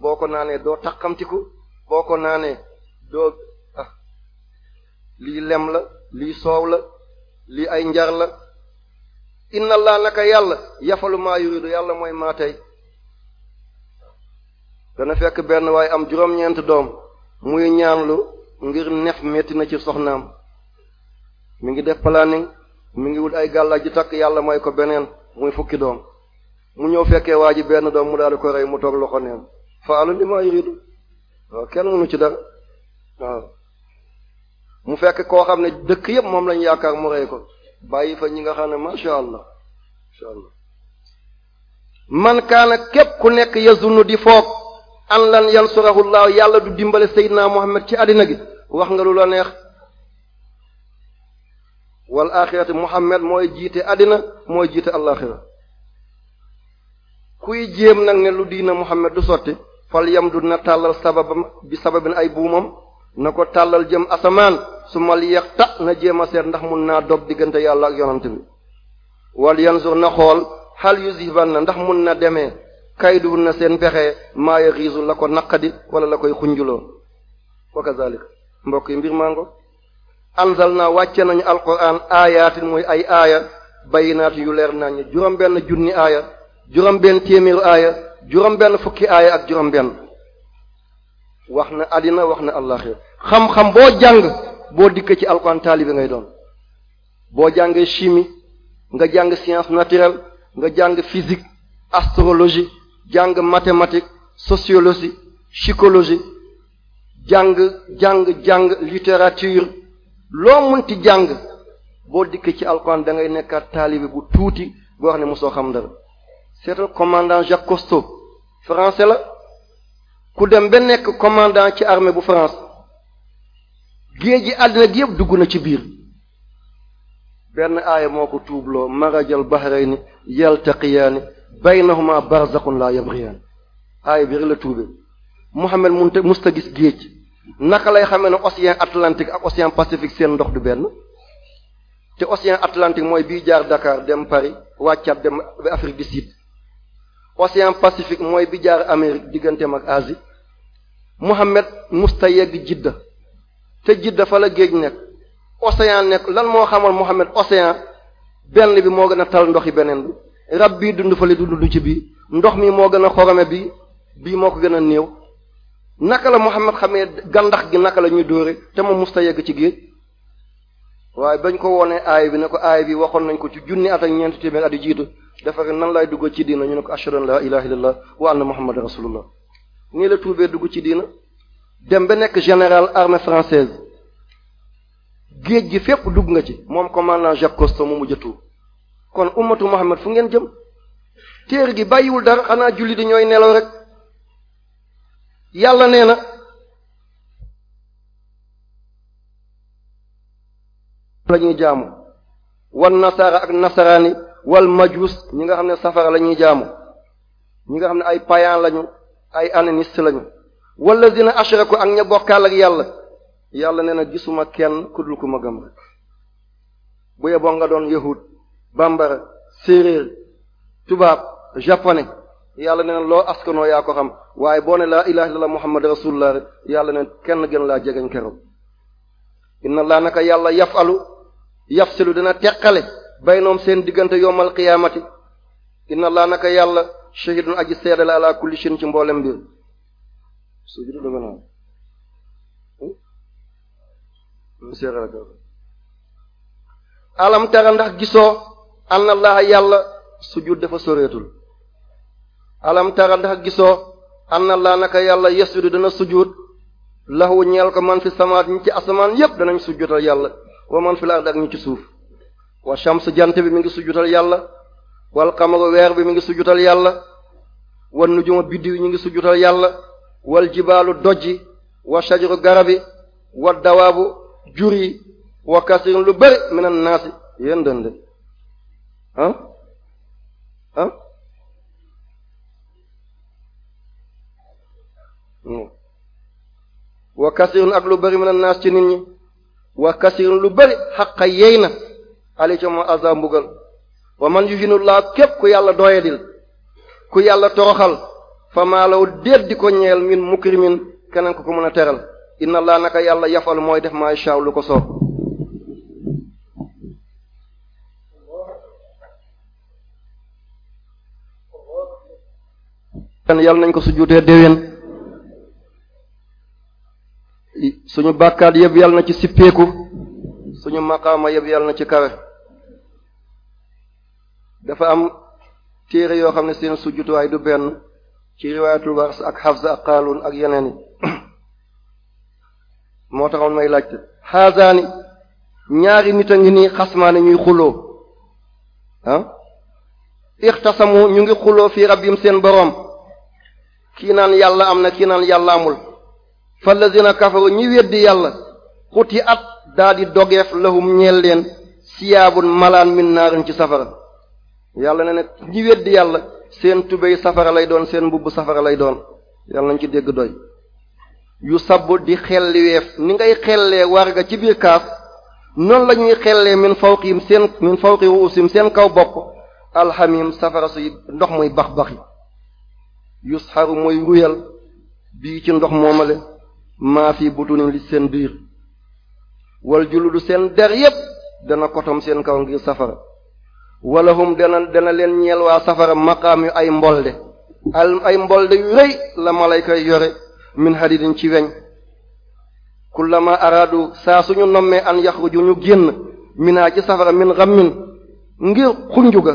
boo ko naanee doo takkamtiku boo ko naanee doo ah. lii lem la lii soow la lii ay njar la inna allah naka yàlla yafalu maa yuridu yàlla mooy maa tey dana fekk benn waaye am juróom-ñeent doom muy ñaanlu ngir nef metti na ci soxnaam mi ngi def planning mi ngi wut ay gàllaaj ji takk yàlla may ko beneen muy fukki doom mu ñëw fekkee waa ji benn doom mu daal di ko rey mu toog loxo neen faalu li ma kenn mënu ci dara waaw fekk koo xam ne dëkk yëpp moom lañ yaakaar mu rey ko fa ñi nga xam ne macha allah macha man kaana képp ku nekk yazunu di foog an lan yansurahu llahu yàlla du dimbale seydina muhammad ci àddina gi wax nga lu la neex wal axirati Muhammad mooy jiite àddina mooy jiite alaxira kuy jéem nag ne lu diina Muhammad du sotti fal yam du na tàllal sababam bi sababin ay buumam na ko tàllal jëm asamaan su ma yexta na jéem a seet ndax mun naa dog diggante yàlla ak yonant bi wal yanzur na xool xal yuziban na ndax mun na deme demee kaydu na seen pexe maayo riisu la ko naqadi wala la koy xunjuloo wa kazalik mbokk yi mbir màngo anzalna wàcce nañu alquran aayaatin muy ay aaya bayinaatin yu leer nañu juróom benn junni aaya juróom benn téeméeru aaya juróom benn fukki aaya ak juróom benn wax na àddina wax na àllaxir xam-xam boo jàng boo dikkee ci alquran taalibe ngay doon boo jàngee chimie nga jàng science naturelle nga jàng physique astrologie jàng mathématique sociologie psychologie jàng jàng jàng littérature loo ti jàng boo dikkee ci alxuraan da ngay nekkaat taalibe bu tuuti boo xam ne mosoo xam dara seetal commandant Jacques Cousteau français la ku dem ba nekk commandant ci armée bu France géej gi àddina gi yëpp dugg na ci biir benn aaya moo ko tuubloo marajal bahrayni yaltaqiyaani baynahuma barzaxun laa yabriyaani aaya bi rek la tuube Muhammad munta musta gis géej naka lay xamee ne océan Atlantique ak océan Pacifique seen ndox du benn te océan Atlantique mooy bi jaar Dakar dem Paris wàccaat dem Afrique du Sud océan Pacifique mooy bi jaar Amérique digganteem ak Asie Mohammed musta yegg Jidda te Jidda fa la géej nekk océan nekk lan moo xamal Mohammed océan benn bi moo gën a tal ndoxi beneen bi rab bii dund fa li dund ci bii ndox mi moo gën a xorome bi bii moo ko gën a néew naka la Muhammad xamee gàndax gi naka la ñuy dóore te moom musta yegg ci géej waaye bañ ko wonee aay bi ne ko aay bi waxoon nañ ko ci junni at ak ñeenti téeméer at yu jiitu dafa nan laay dugg ci diina ñu ne ko ashhadu an laa ilaha illallah wa anna muhammadan rasulullah nii la tuubee dugg ci diina dem ba nekk général armée française géej gi fépp dugg nga ci moom commandant Jacques Cousteau mu mujj a tuub kon ummatu Muhammad fu ngeen jëm téer gi bàyyiwul dara xanaa julli di ñooy nelaw rek yàlla nee na la ñuy jaamu wan nasara ak nasaraani wal majus ñi nga xam ne safara lañuy ñuy jaamu ñi nga xam ne ay payan lañu ay ananiste lañu wallazina ko ak ña bokkaal yàlla yàlla nee na gisuma kenn ku dul ku ma gëm bu yeboo nga doon yahud bambara séeréer tubaab japonais yàlla nee loo askanoo yaa ko xam waaye boo ne laa ilaha illallah muhammad rasulullah rek yàlla neen kenn gën laa jegeñ keroog inna laa naka yàlla yafalu yafsilu dina teqale bay baynoom seen diggante yowmal qiyaamati inna laa naka yàlla shahidun aji seede la ala kulli shin ci mboolem mbir hmm? Hmm? alam tara ndax gisoo anna laa yàlla sujud dafa soreetul alam tara ndax gisoo anna laa naka yàlla yasjudu dana sujud lahu ñeel ko man fi samaat ñi ci asamaan yépp danañ sujudal yàlla man fil ard ak ci suuf jant bi mi ngi sujudal yàlla wal qamaru weer bi mi ngi sujudal yàlla wan nujuma biddiw ñu ngi sujudal yàlla wal jibaalu dojji wa shajaru garabi wa dawaabu jur yi wa kasirin lu bëri minan naasi yéen dënd ah Hmm. wa kasirun ak lu bari mën a naas ci nit ñi wa kasirun lu bëri xaqa yey na ali azab mbugal wa man yuhinullaa képp ku yàlla doyadil ku yàlla toroxal fa maalaw déet di ko ñeel min mukrimin keneen ku ko mën a teral inna laa naka yàlla yafal mooy def maa sha ko soob yàlla nañ ko sujjuutee déwén suñu bàkkaat yëpp yàlla na ci sippeeku suñu maqaama yëpp yàlla na ci kawe dafa am téere yoo xam ne seen sujjutuwaay du benn ci riwaayatul wars ak hafza ak qaaluun ak yeneen moo taxoon may laajte xaasaani ñaari nit a ngi nii xasmaani ñuy xuloo ah ixtasamu ñu ngi xuloo fii rabbim seen boroom kii naan yàlla am na kii naan yàlla amul fa lazina kafaru ñi weddi yàlla yi at daa di dogeef lahum ñeel leen siyaabun malaan min naarin ci safara yàlla ne nag ñi weddi yàlla seen tubéy safara lay doon seen mbubb safara lay doon yàlla nañ ci dégg doy yu sabbu di xel xelliweef ni ngay xellee warga ci biir kaas noonu la ñuy xellee min fawqihim seen min fawqi ruusim seen kaw bopp alxamim safara suy ndox muy bax baxi yusxaru mooy ruyal bii ci ndox moomale maa fi butunin li seen biir wal juludu seen der yépp dana kotom seen kaw ngir safara wala hum dana dana leen ñeel waa safara maqaam yu ay mbolde al ay mbolde yu rëy la malayka yore min hadidin ci weñ kullama araadu saa suñu nommee an yaxruju ñu génn minaa ci safara min rammin ngir xunjuga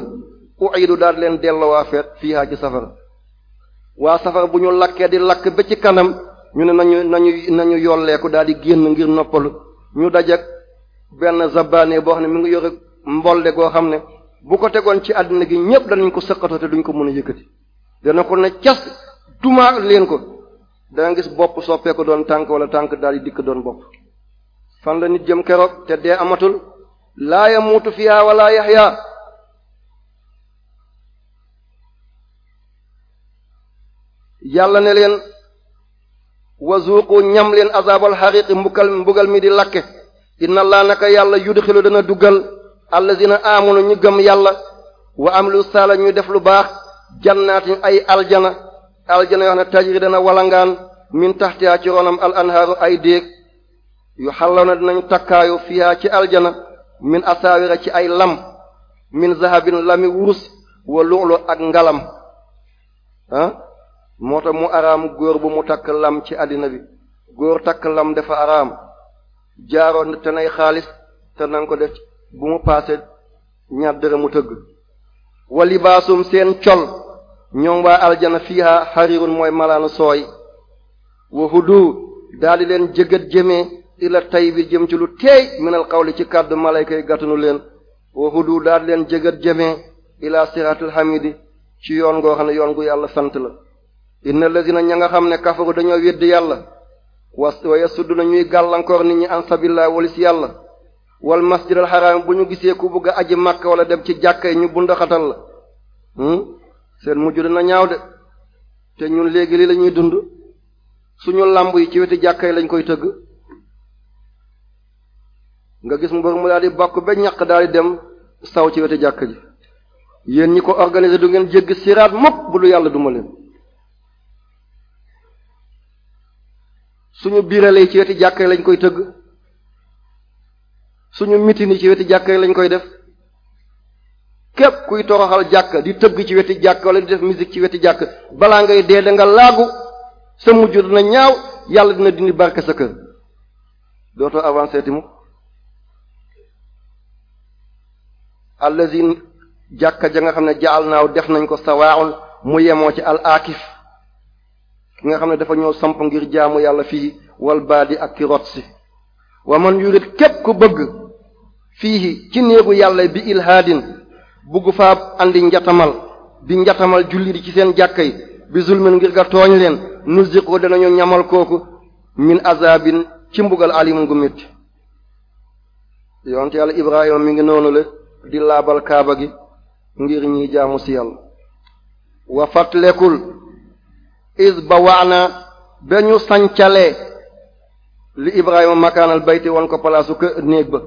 uidu daal leen delloo waa feet fiihaa ci safara waa safara bu ñu lakkee di lakk ba ci kanam ñu ne nañu nañu nañu yolleeku daal di génn ngir noppalu ñu dajak benn zabaane boo xam ne mu ngi yore mbolle goo xam ne bu ko tegoon ci àddina gi ñëpp danañ ko sëqatoo te ko mën a yëkkati dana ko ne cas dumaa leen ko danga gis bopp soppeeku doon tànk wala tànk daal di dikk doon bopp fan la nit jëm keroog te dee amatul laa yamuutu fiha wala yaxya yàlla ne leen wa zuuqu ñam leen azaabal xariqi mbukkal mbugal mi di lakke inna laa naka yàlla yudxilu dana duggal allazina na ñu gëm yàlla wa am lu saala ñuy def lu baax jannaatin ay aljana aljana yoo xam ne tajri dana walangaan min ci ronam al anhaaru ay déeg yu xallaw na dinañu takkaayu fiihaa ci aljana min asaawira ci ay lam min zahabin lami wurus wa lu'lu ak ngalam ah? moo tax mu araam góor bu mu takk lam ci àddina bi góor takk lam dafa araam jaaroo te nay xaalis te nanga ko def bu mu paase ñaar dërëm mu tëgg walibaasum seen col ñoom waa aljana fiiha xariirun mooy malaanu sooy wa hudu leen jëggat jëmee ila tay bi jëm ci lu teey minal xawli ci kàddu malayka yi gàttanu leen wa hudu daldi leen jëggat jëmee ila siraatil hamidi ci yoon goo xam ne yoon gu yàlla sant la inna lazina ña nga xam ne kafaru dañoo weddi yàlla wa wa yasuddu na ñuy gàllankoor nit ñi an sabilillah walis yàlla wal masjid al xaraam bu ñu gisee ku bëgg a aji màkk wala dem ci jàkka yi ñu bundaxatal la hmm? seen mujj dina ñaaw de te ñun léegi lii lañuy ñuy dund suñu làmb yi ci wetu jàkka yi lañ koy tëgg nga gis mbër mu daal di bokk ba ñàq daal di dem saw ci wetu jàkka ji yéen ñi ko organiser du ngeen jéggi siraat mukk bu du yàlla duma leen suñu biiralee ci weti jàkkee lañ koy tëgg suñu mitini ci weti jàkkee lañ koy def képp kuy toroxal jàkk di tëgg ci weti jàkk wala di def musique ci weti jàkk balaa ngay dee da nga laagu sa mujj dina ñaaw yàlla dina dindi barke sa kër dootoo avancé ti mu allazine jàkka ja nga xam ne jaal naaw def nañ ko sawaaun mu yemoo ci al akif ki nga xam ne dafa ñëw samp ngir jaamu yàlla fii wal baadi ak ki rot si wa man yurid képp ku bëgg fii ci néegu yàlla bi ilhaadin bugg faab andi njatamal bi njatamal jullit yi ci seen jàkka yi bi zulmin ngir nga tooñ leen nuziqu danañu ñamal kooku min azabin ci mbugal alimun gu métti yonte yàlla ibrahima mi ngi noonu la di laabal kaaba gi ngir ñiy jaamu si yàlla wa fatlekul is ba wax na ba ñu sancalee li ibrahima makaanal bayti wan ko palaasu kë néeg ba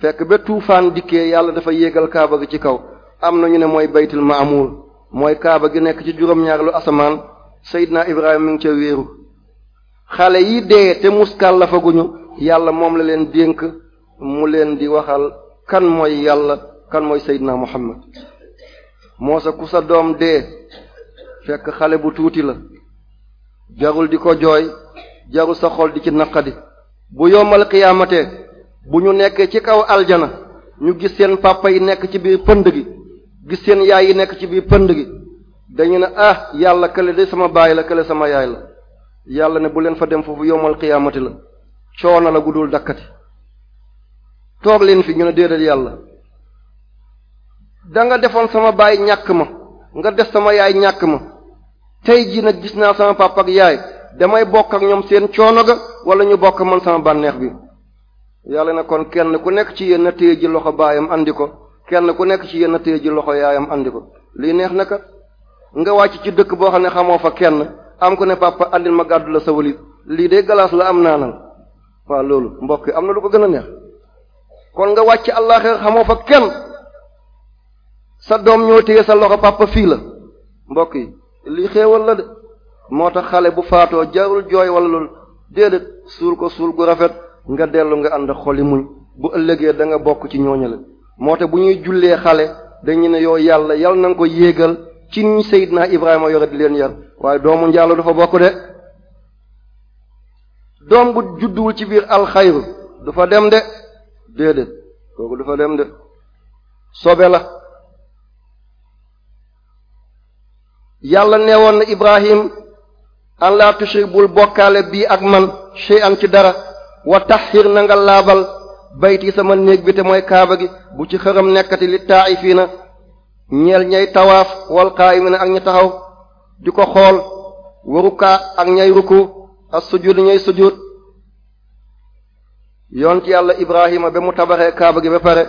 fekk ba tuufaan dikkee yàlla dafa yéegal kaaba gi ci kaw am na ñu ne mooy baytul maamuur mooy kaaba gi nekk ci juróom-ñaar lu asamaan seydina ibrahima ngi ca wéeru xale yi dee te muskal yàlla moom la leen dénk mu leen di waxal kan mooy yàlla kan mooy seydina muhammad moo sa ku sa doom dee fekk xale bu tuuti la jarul di ko jooy jarul sa xol di ci naqadi bu yomal xiyaamatee bu ñu nekkee ci kaw aljana ñu gis seen papa yi nekk ci biir pënd gi gis seen yaay yi nekk ci biir pënd gi dañu ne ah yàlla kële de sama baay la kële sama yaay la yàlla ne bu leen fa dem foofu yomal xiyaamati la coono la gudul dakkati toog leen fi ñu ne déedéet yàlla danga defoon sama baay ñàkk ma nga des sama yaay ñàkk ma tey jii nag gis naa sama papa ak yaay damay bokk ak ñoom seen coono ga wala ñu bokk man sama bànneex bi yàlla na kon kenn ku nekk ci yéen na ji loxo baayam àndi ko kenn ku nekk ci yenn na téye ji loxo yaayam andi ko lii neex na nga wàcc ci dëkk boo xam ne xamoo fa kenn am ko ne papa andil ma gàddu la sa walit lii de galaas la am naa nag waaw loolu mbokk am na lu ko gën a neex kon nga wàcc àllaaxira xamoo fa kenn. sa doom ñoo téye sa loxo papa fii la mbokk yi lii xéewal la de moo tax xale bu faatoo jarul jooy wala loolu déedéet suul ko suul gu rafet nga dellu nga ànd xoli muñ bu ëllëgee da nga bokk ci ñooñale moo tax bu ñuy jullee xale dañu ne yow yàlla yàlla na ko yéegal ci ñu naa Ibrahima yore di leen yar waaye doomu njaalo dafa bokk de doom bu judduwul ci biir alxayru du fa dem de déedéet kooku du fa dem de sobe la yàlla nee woon na ibrahim an laa bul bokkaale bii ak man shay'an ci dara wa tahhir na nga laabal bayti sama néeg bi te mooy kaaba gi bu ci xëram nekkati li taa'ifiina ñeel ñay tawaaf wal qaa'imiina ak ñi taxaw di ko xool wa rukaa ak ñay ruku as sujud ñay sujud yonent yàlla ibrahima ba mu tabaxee kaaba gi ba pare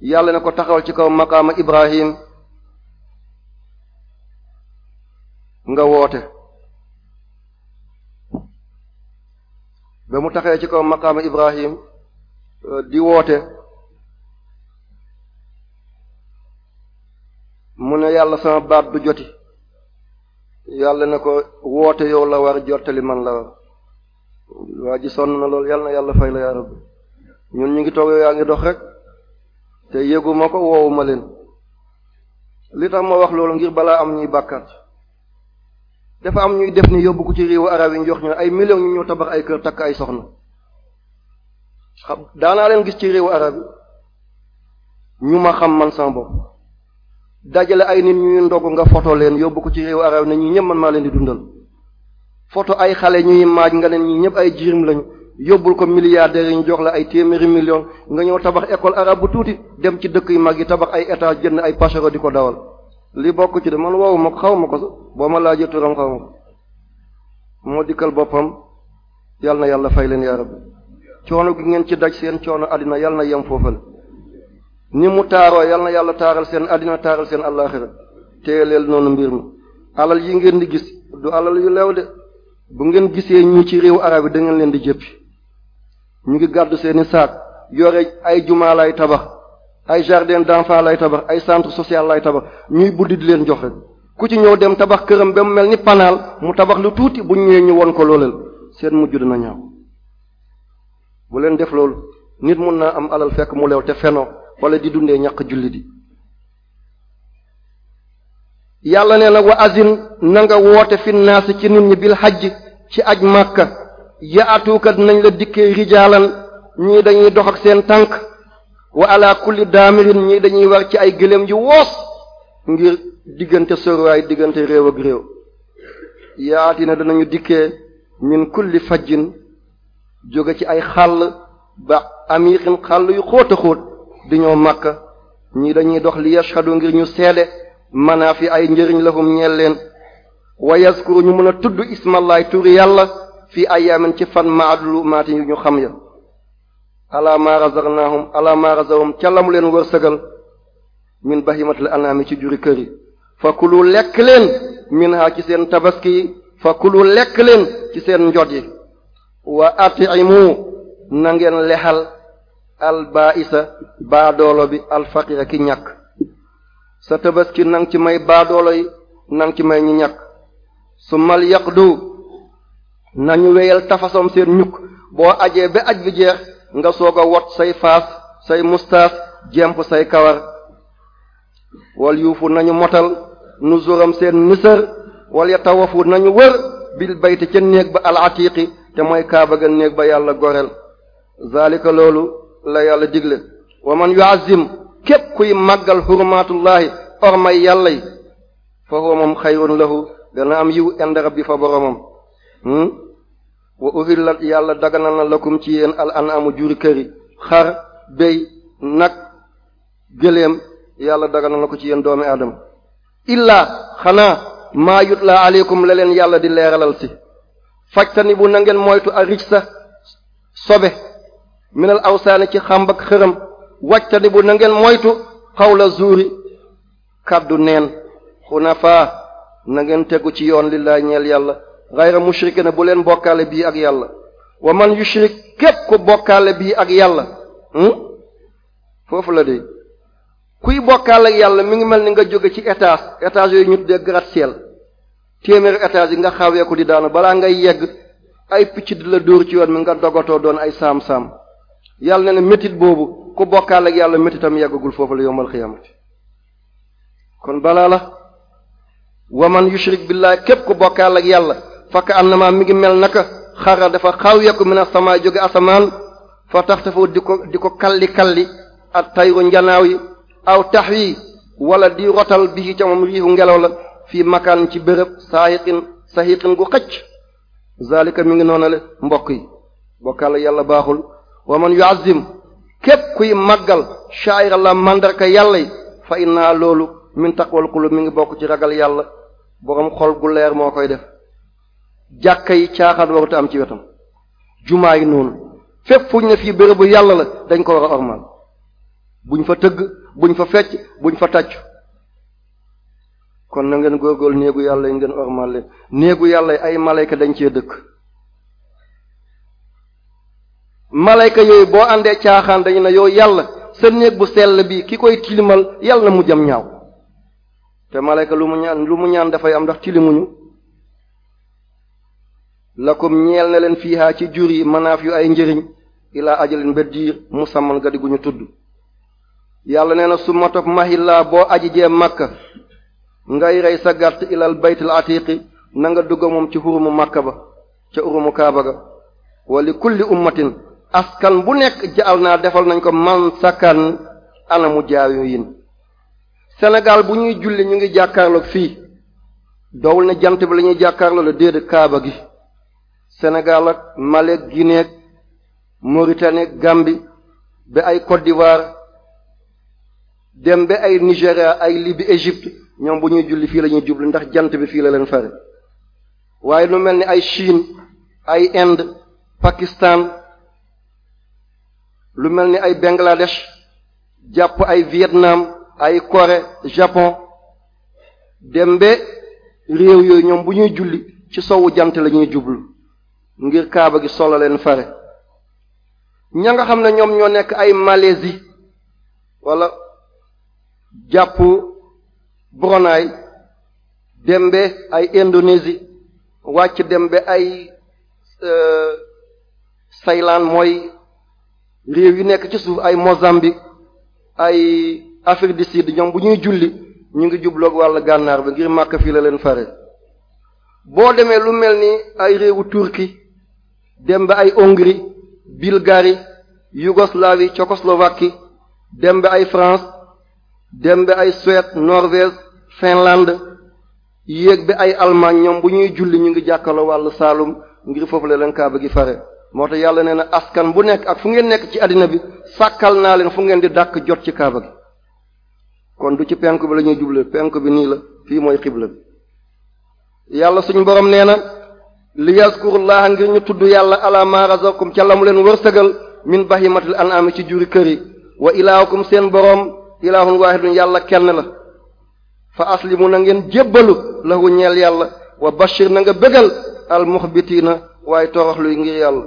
yàlla ne ko taxawal ci kaw maqaama ibrahim nga woote ba mu taxee ci kaw maqaama Ibrahim euh, di woote mu ne yàlla sama baat du joti yàlla ne ko woote yow la war jottali man la waa ji sonn na loolu yàlla na yàlla fay la yaa rabbi ñun ñu ngi toog yow yaa ngi dox rek te yëgu ko woowu ma leen li tax ma wax loolu ngir balaa am ñuy bàkkaat dafa am ñuy def ni yóbbu ko ci réewu arab yi ñu jox ñu ay millions ñu ñëw tabax ay kër takk ay soxna xam daanaa leen gis ci réewu arab yi ñu ma xam man sama bopp dajale ay nit ñuy ndog nga photo leen yóbbu ko ci réewu arab ne ñi ñëpp man maa leen di dundal photo ay xale ñuy maaj nga leen ñi ñëpp ay jirim lañu yóbbul ko milliardaires yi ñu jox la ay téeméeri million nga ñëw tabax école arabe bu tuuti dem ci dëkk yu mag yi tabax ay étage jënd ay pachero di ko dawal li bokk ci de man wawu ma ko xaw ko boo ma laa turam xaw ma ko moo dikkal boppam yal na yàlla fay leen yaa rabbi coono gi ngeen ci daj seen coono àddina yal na yem foofale ni mu taaroo yal na yàlla taaral seen àddina taaral seen àllaaxira teeleel noonu mbir mi alal yi ngeen di gis du alal yu leew de bu ngeen gisee ñi ci réew arab yi da leen di jëppi ñu ngi gàddu seeni saak yore ay jumaa lay tabax ay jardin d'enfants lay tabax ay centre social lay tabax ñuy buddi di leen jox rek ku ci ñëw dem tabax këram ba mu mel ni panaal mu tabax lu tuuti bu ñëwee ñu won ko looleel seen mujj na ñaaw bu leen def loolu nit mën naa am alal fekk mu leew te feno wala di dundee ñaq julli di yàlla nee na wa azin na nga woote fi naasi ci nit ñi bil xajj ci aj màkka yaatuuka nañ la dikkee rijaalan ñii dañuy dox ak seen tànk wa ala kulli daamirin ñi dañuy war ci ay gëléem yu woos ngir diggante sorowaay diggante réew ak réew yaatina danañu dikkee min kulli fajin jóge ci ay xàll ba amiqin xàll yu xóot a xóot di ñoo màkka ñii dañuy dox li yashhadu ngir ñu seede manaa fi ay njëriñ lahum ñeel leen wa yaskuru ñu mën a tudd ismallaay turi yàlla fi ayaamin ci fan maadlu maati yu ñu xam ya ala ma razaqnahum ala ma razaqhum ca lamu leen wërsëgal min ci juri kër yi fa kulu lekk leen min ha ci seen tabaski yi fa kulu lekk leen ci seen njot yi wa atimu na ngeen lexal al baisa baadoolo bi al faqira ki ñàkk sa tabaski na ci may baadoolo yi na ci may ñu ñàkk su mal yaqdu nañu weyal tafasom seen ñukk boo ajee ba aj bi jeex nga soog a wot say faas say mustaas jemp say kawar wal yuufu nañu motal nu zuram seen nisër wal ya tawafu nañu wër bil bayti ca néeg ba al atiqi te mooy kaaba ga néeg ba yàlla goreel zalika loolu la yàlla digle wa man yuazim képp kuy màggal hurmatullahi ormay yàlla yi fa huwa moom xayrun lahu dana am yiw inda rabbi fa boromam hmm? wa uhilla yàlla daganal na lakum ci yéen al an'amu juri këri xar béy nag gëléem yàlla daganal na ko ci yéen doomi aadama illaa xanaa maa yutla aleykum la leen yàlla di leeralal si fajtani bu na moytu a sa sobe minal awsaani ci xàmbak ak xërëm wajtani bu na ngeen moytu xawla zuuri kàddu neen xunafaa na ngeen tegu ci yoon lillaay ñeel yàlla gayra mushrikina bu leen bokkaale bii ak yàlla wa man yushrik képp ku bokkale bii ak yàlla hmm? foofu la de kuy bokkaale ak yàlla mi ngi mel ni nga jóge ci étage étage yooyu ñu tuddee gratte-ciel téeméeri étage yi nga xawee ko di daanu balaa ngay yegg ay picc di la dóor ci yoon mi nga dogatoo doon ay saam-saam yàlla ne na métit boobu ku bokkaale ak yàlla métitam yeggagul foofu la yombal xiyaamati kon balaa la waman yushrik billahi képp ku bokkaale ak yàlla fakk annama mi ngi mel naka xara dafa xaw yekku mina sama jóge asamaan fa tax tafu di ko di ko kalli kalli ak tayru njanaaw yi aw tax wi wala di rotal bi ci moom riihu ngelaw la fii makaan ci bërëb saahiqin sahiqin gu xëcc zalika mi ngi noonale mbokk yi bokkàlla yàlla baaxul wa man yu'azzim képp kuy màggal sha'ira la mandarka yàlla yi fa inna loolu min taqwal qulub mi ngi bokk ci ragal yàlla boroom xol gu leer moo koy def jàkka yi caaxaan warut am ci wetam jumaa yi noonu fépp fu ñu ne fii bérébu yàlla la dañ ko war a ormal buñ fa tëgg buñ fa fecc buñ fa tàcc kon na ngeen góor néegu yàlla yi ngeen ormal leen néegu yàlla yi ay malayka dañ cee dëkk malayka yooyu boo àndee caaxaan dañu ne yow yàlla sa néeg bu sell bi ki koy tilimal yàlla na mu jëm ñaaw te malayka lu mu ñaan lu mu ñaan dafay am ndax tilimuñu lakum ñeel na leen fiihaa ci jur yi manaaf yu ay njëriñ ilaa ajalin ba diir musamman ga di gu ñu tudd yàlla nee na su ma topp mahillaa boo aji jee makka ngay rey sa gàtt ilal baytil atiqi na dugg moom ci xurumu makka ba ca urumu kaaba ga wali kulli ummatin askan bu nekk jaal naa defal nañ ko man sakkan anamu jaayu yin Sénégal bu ñuy julli ñu ngi jàkkaarloog fii dowul ne jant bi lañuy ñuy jàkkaarloo la déedéet kaaba gi Sénégal ak Mali ak Guinée ak Mauritanie ak Gambie ba ay Côte d'Ivoire dem ay Nigéria ay Libye Égypte ñoom bu ñuy julli fii la ñuy jublu ndax jant bi fii la leen fare waaye lu mel ni ay Chine ay Inde Pakistan lu mel ni ay Bangladesh jàpp ay Vietnam ay Corée Japon dem réew yooyu ñoom bu ñuy julli ci sowu jant la ñuy jublu ngir kaaba gi solo leen fare ña nga xam ne ñoom ñoo nekk ay Malaisie wala jàpp Brunei dem ay Indonésie wàcc dem be ay e, Thaïlande mooy réew yu nekk ci suuf ay Mozambique ay Afrique di Sud ñoom bu ñuy julli ñu ngi jubloog walla gànnaar bi ngir màkk fii la fare boo demee lu mel ni ay réewu Turquie dem ba ay Hongrie Bulgarie Yougoslavie Tchécoslovaquie dem ba ay France dem ba ay Suède Norvège Finlande yéeg ba ay Allemagne ñoom bu ñuy julli ñu ngi jàkkaloo wàll Saalum ngir foofu la leen kaaba gi fare moo tax yàlla nee na askan bu nekk ak fu ngeen nekk ci àddina bi sàkkal naa leen fu ngeen di dàkk jot ci kaaba gi kon du ci penk bi lañuy ñuy juble penk bi nii la fii mooy xibla bi yàlla suñu borom nee na li yazkurullaha ngir ñu tudd yàlla ala ma razaqakum ca lam leen wërsëgal min bahimatil an'am ci juri kër yi wa ilaahukum seen boroom ilaahun waahidun yàlla kenn la fa aslimu na ngeen jébbalu lahu ñeel yàlla wa bashir na nga bégal al muxbitiina waaye torox luy ngir yàlla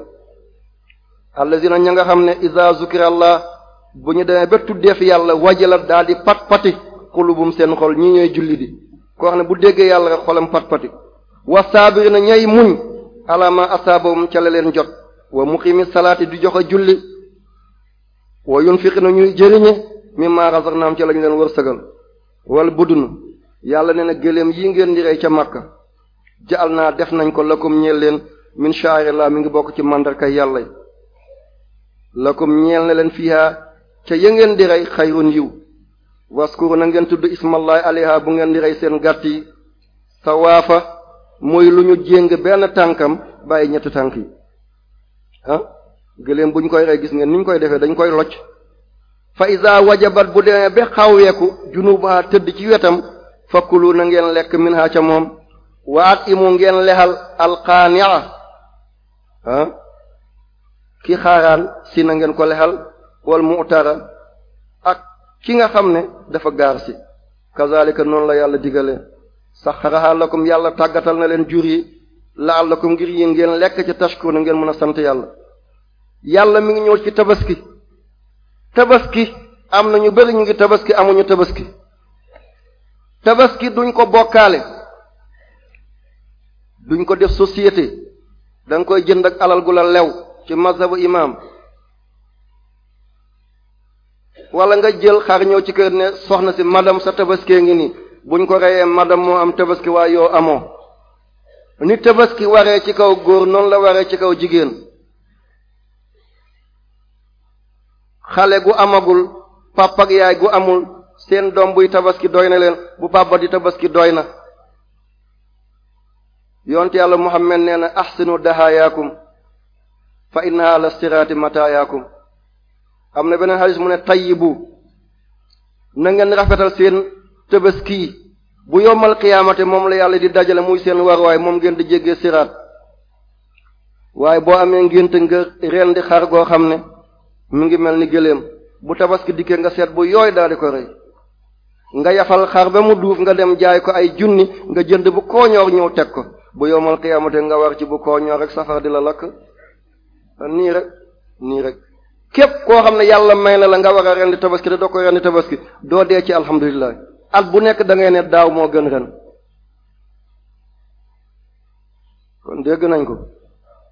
allazina ña nga xam ne iza zukirallah bu ñu demee ba tuddeef yàlla wajalat daal di pat pati xulubum seen xol ñi ñooy julli di koo xam ne bu déggee yàlla rek xolam pat wa saabirina ñay muñ alama asaabahum ca la leen jot wa muqimi salaati di joxe julli wa yunfiqina nañu jëriñe mimma razaqnaam ca lañu leen wërsëgal wal budunu yàlla nee na gëléem yi ngeen di rey ca Makka jaal naa def nañ ko lakum ñeel leen min sha'rillah mi ngi bokk ci mandarkay yàlla yi lakum ñeel na leen fiha ca ya di rey xayrun yiw waskuru na ngeen tudd ismallahi alayha bu ngeen di rey seen gàtt yi sawaafa mooy lu ñu jéng benn tànkam bàyyi ñett tànk yi ah gëléem bu ñu koy rey gis ngeen ni koy defee dañ koy locc faisa wajabat bu dee demee ba xawweeku junuba tëdd ci wetam fakkulu na ngeen lekk minha ca moom waa at imu ngeen lexal alqaania ah ki xaaraan si na ngeen ko lexal wal mu'tara ak ki nga xam ne dafa gaar si kazalika noonu la yàlla digalee saxaraha lakum yàlla tàggatal na leen jur yi la'allakum ngir yi ngeen lekk ci tashkuru ngeen mën a sant yàlla yàlla mi ngi ñëw ci tabaski tabaski am na ñu bëri ñu ngi tabaski amuñu tabaski tabaski duñ ko bokkaale duñ ko def société da koy jënd ak alal gu la lew ci mazhabu imam wala nga jël xar ñëw ci kër ne soxna si madame sa tabaskee ngi nii buñ ko reyee madam moo am tabaski waa yoo amoo ni tabaski waree ci kaw góor noonu la waree ci kaw jigéen xale gu amagul papa yaay gu amul seen doom buy tabaski doy na leen bu papa di tabaski doy na yonte yàlla Muhammad nee na ahsinu dahaayakum fa inna ala siraati mataayakum am na beneen xadis mu ne tayyibu na ngeen rafetal seen tabaski bu yomal qiyaamate moom la yàlla di dajale muy seen waaye moom ngeen di jéggee siraat waaye boo amee ngént nga ren di xar goo xam ne mu ngi mel ni gëléem bu tabaski dikkee nga seet bu yooy daal di ko rey nga yafal xar ba mu duuf nga dem jaay ko ay junni nga jënd bu kooñoor ñëw teg ko bu yomal qiyaamate nga war ci bu kooñoor rek safar di la lakk nii rek nii rek képp koo xam ne yàlla may na la nga war a rendi tabaski te doo ko rendi tabaski doo dee ci alhamdulilah at bu nekk dangay ngay ne daaw moo gën ren kon dégg nañ ko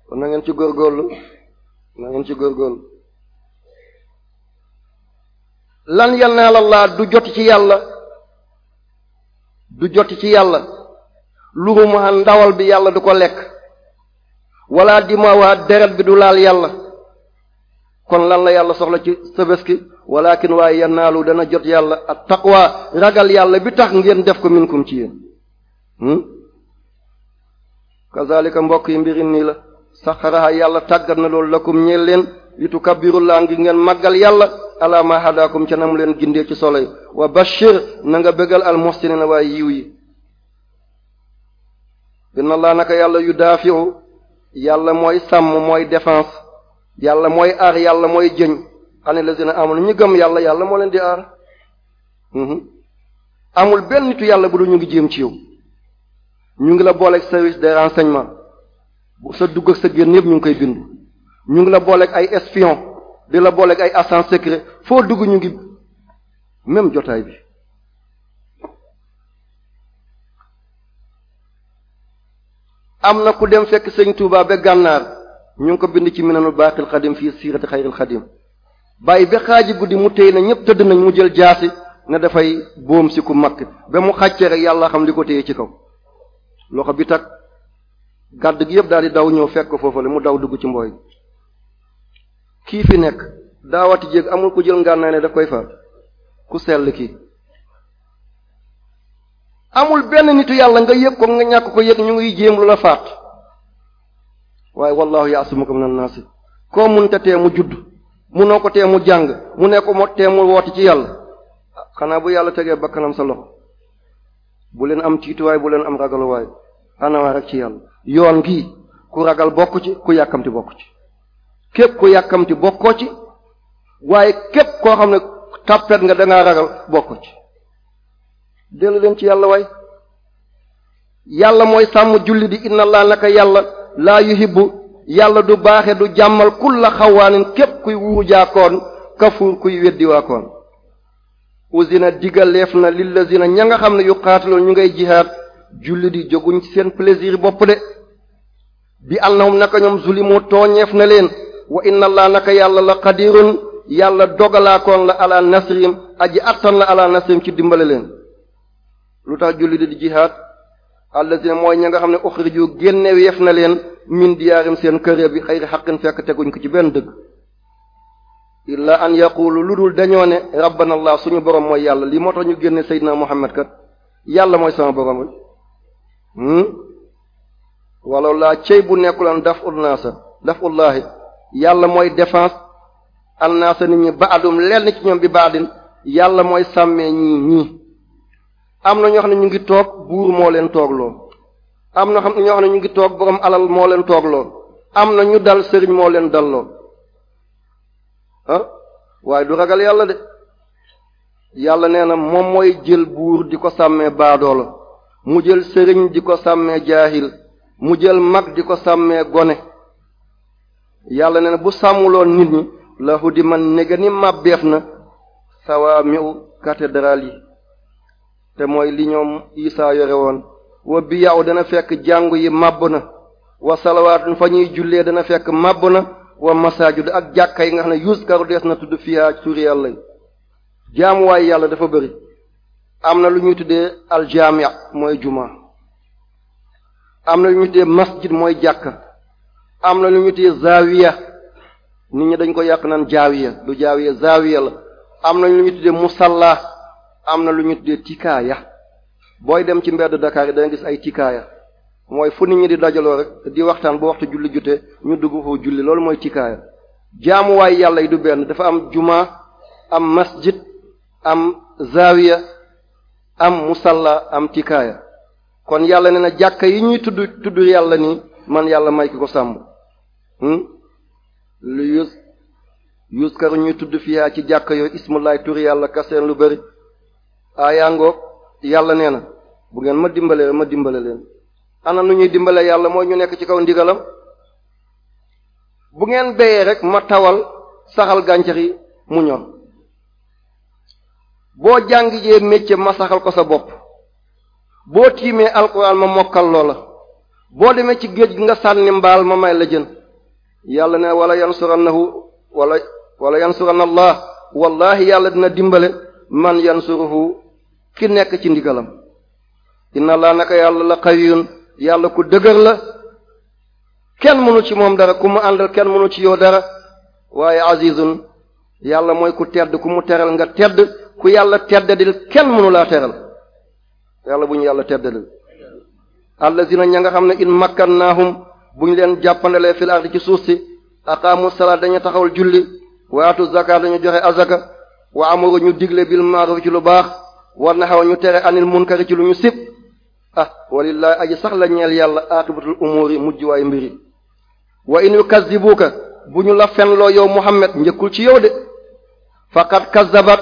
kon ci góor na ngeen ci góorgóorlu lan yanaal Allah du jot ci yàlla du jot ci yàlla lurumaa ndawal bi yàlla du ko lekk wala dimawaa deret bi du laal yàlla kon lan la yàlla soxla ci sëbës ki walakin waaye yanaalu dana jot yàlla ak taqwa ragal yàlla bi tax ngeen def ko minkum ci yéen hmm? kazalika mbokk yi mbiri nii la saxaraha yàlla tàggat na loolu lakum ñeel leen litu kabirullaa ngir ngeen màggal yàlla ala ma hadakum ca nam leen gindee ci solo wa bashir na nga bégal al muhsinina waaye yiw yi inna allah naka yàlla yu daafiu yàlla mooy sàmm mooy défense yàlla mooy aar yàlla mooy jëñ xam ne lazina amanu ñu gëm yàlla yàlla moo leen di aar mhm. amul benn nitu yàlla bu dul ñu ngi jéem ci yow ñu ngi la booleeg service des renseignements sa dugg ak sa génn yëpp ñu ngi koy bind ñu ngi la booleeg ay espion di la booleeg ay agent secret foo dugg ñu ngi même jotaay bi am na ku dem fekk sëñ Touba ba gànnaar ñu ngi ko bind ci minanul baaqil xadim fii siirati xayril xadim bàyyi ba xaaji guddi mu tey na ñëpp tëdd nañ mu jël jaasi ne dafay boom si ku makk ba mu xàccee rek yàlla xam li ko téye ci kaw loxo bi tak gàdd gi yëpp daal di daw ñëw fekk ko la mu daw dugg ci mbooy kii fi nekk daawati jéeg amul ku jël ngànnaay ne daf koy faat ku sell kii amul benn nitu yàlla nga yëg ko nga ñàkk ko yëg ñu ngi jéem lu la faat waaye wallahu yaasumuka na naasi koo munte tee mu judd munoo ko tee mu jàng mu ne moo tee mu woote ci yàlla xanaa bu yàlla tegee bakkanam sa loxo bu leen am tiituwaay bu leen am ragaluwaay xanaa rek ci yàlla yoon gi ku ragal bokku ci ku yàkkamti bokk ci képp ku yàkkamti bokkoo ci waaye képp koo xam ne tàppet nga dangaa ragal bokk ci dellu leen ci yàlla waay yàlla mooy sàmm julli di inna laa naka yàlla laa yuhibbu yàlla du baaxe du jàmmal kulla xawaanin képp kuy wuujaakoon kafuur kuy weddiwaakoon usina digaleef na lillazina ña nga xam ne yu xaataloo ñu ngay jihaad julli di jóguñ ci seen plaisir bopp de bi annahum naka ñoom zulimu tooñeef na leen wa inna allah naka yàlla la qadirun yàlla dogalaakoon la ala nasrim aji attan la ala nasrim ci dimbale leen lu tax julli di jihaad allazina mooy ña nga xam ne uxriju génne weef na leen min diyaarim seen kër bi xayri xaqin fekk teguñ ko ci benn dëgg illa an yaqulu lu dul dañoo ne rabbana allah suñu borom mooy yàlla lii moo tax ñu génne seydina muhammad kat yàlla mooy sama borom hmm? wi bu nekkuloon daf ul naasa mooy défense an naasa nit ñi ñoom bi yàlla mooy sàmmee ñii ñii am na ñoo xam ne ñu ngi toog buur moo leen toogloo am na xam ñoo xam ne ñu ngi toog borom alal moo leen toogloo am na ñu dal sëriñ moo leen dalloo ah waaye du ragal yàlla de yàlla nee na moom mooy jël buur di ko sàmmee baadoolo mu jël sëriñ di ko sàmmee jaahil mu jël mag di ko sàmmee gone yàlla nee na bu sàmmuloon nit ñi la hudi man néga ni màbbeef na sawa miu cathédrale yi te mooy li ñoom Isa yore woon wa biyaw dana fekk jàngu yi màbb na wa salawaatun fa ñuy jullee dana fekk màbb na wa masaajid ak jàkka yi nga xam ne yuskaru dees na tudd fiyaa suuri yàlla dafa bëri am na lu ñuy tuddee aljaamia mooy juma am na lu ñuy tuddee masjid mooy jàkka am na lu ñuy tuddee zaawiya nit ñi dañ ko yàq naan jaawiya du jaawiya zaawiya la am na lu ñuy tuddee musalla am na lu ñu tuddee tikaaya booy dem ci mbedd Dakar yi danga gis ay tikaaya mooy fu nit ñi di dajaloo rek di waxtaan bu waxtu julli jotee ñu dugg foofu julli loolu mooy tikaaya jaamuwaay yàlla yi du benn dafa am jumaa am masjid am zawiya am musalla am tikaaya kon yàlla ne na jàkka yi ñuy tudd tudd yàlla ni man yàlla may ki ko sàmm hmm? lu yus yuskaru ñuy tudd fiyaa ci jàkka yooyu ismullaay turi yàlla kaseen lu bari aayaangoog yàlla nee na bu ngeen ma dimbalee ma dimbale leen ana nu ñuy dimbale yàlla mooy ñu nekk ci kaw ndigalam bu ngeen béyee rek ma tawal saxal gàncax yi mu ñor boo jàng jee métier ma saxal ko sa bopp boo tiimee alquran ma mokkal loola boo demee ci géej gi nga sànni mbaal ma may la jën yàlla ne wala yansurannahu wala wala yansuranallah wallahi yàlla dina dimbale man yansuruhu ki nekk ci ndigalam inna laa naka yàlla la xawiyun yàlla ku dëgër la kenn mënu ci moom dara ku mu àndal kenn mënu ci yow dara waaye azizun yàlla mooy ku tedd ku mu teral nga tedd ku yàlla teddadil kenn mënu laa teral yàlla bu ñu yàlla teddadil allazina ña nga xam ne in makkannaahum bu ñu leen jàppandalee fil ardi ci suuf si aqaamu salaat dañu taxawal julli waatu zakat dañu joxe azaka wa amuru ñu digle bil maaruf ci lu baax war na xaw ñu tere anil munkari ci lu ñu sib ah walillahi aji sax la ñeel yàlla aqibatul yi mujj waay mbiri wa in yukazzibuka bu ñu la fenloo yow Muhammad njëkkul ci yow de faqad kazzabat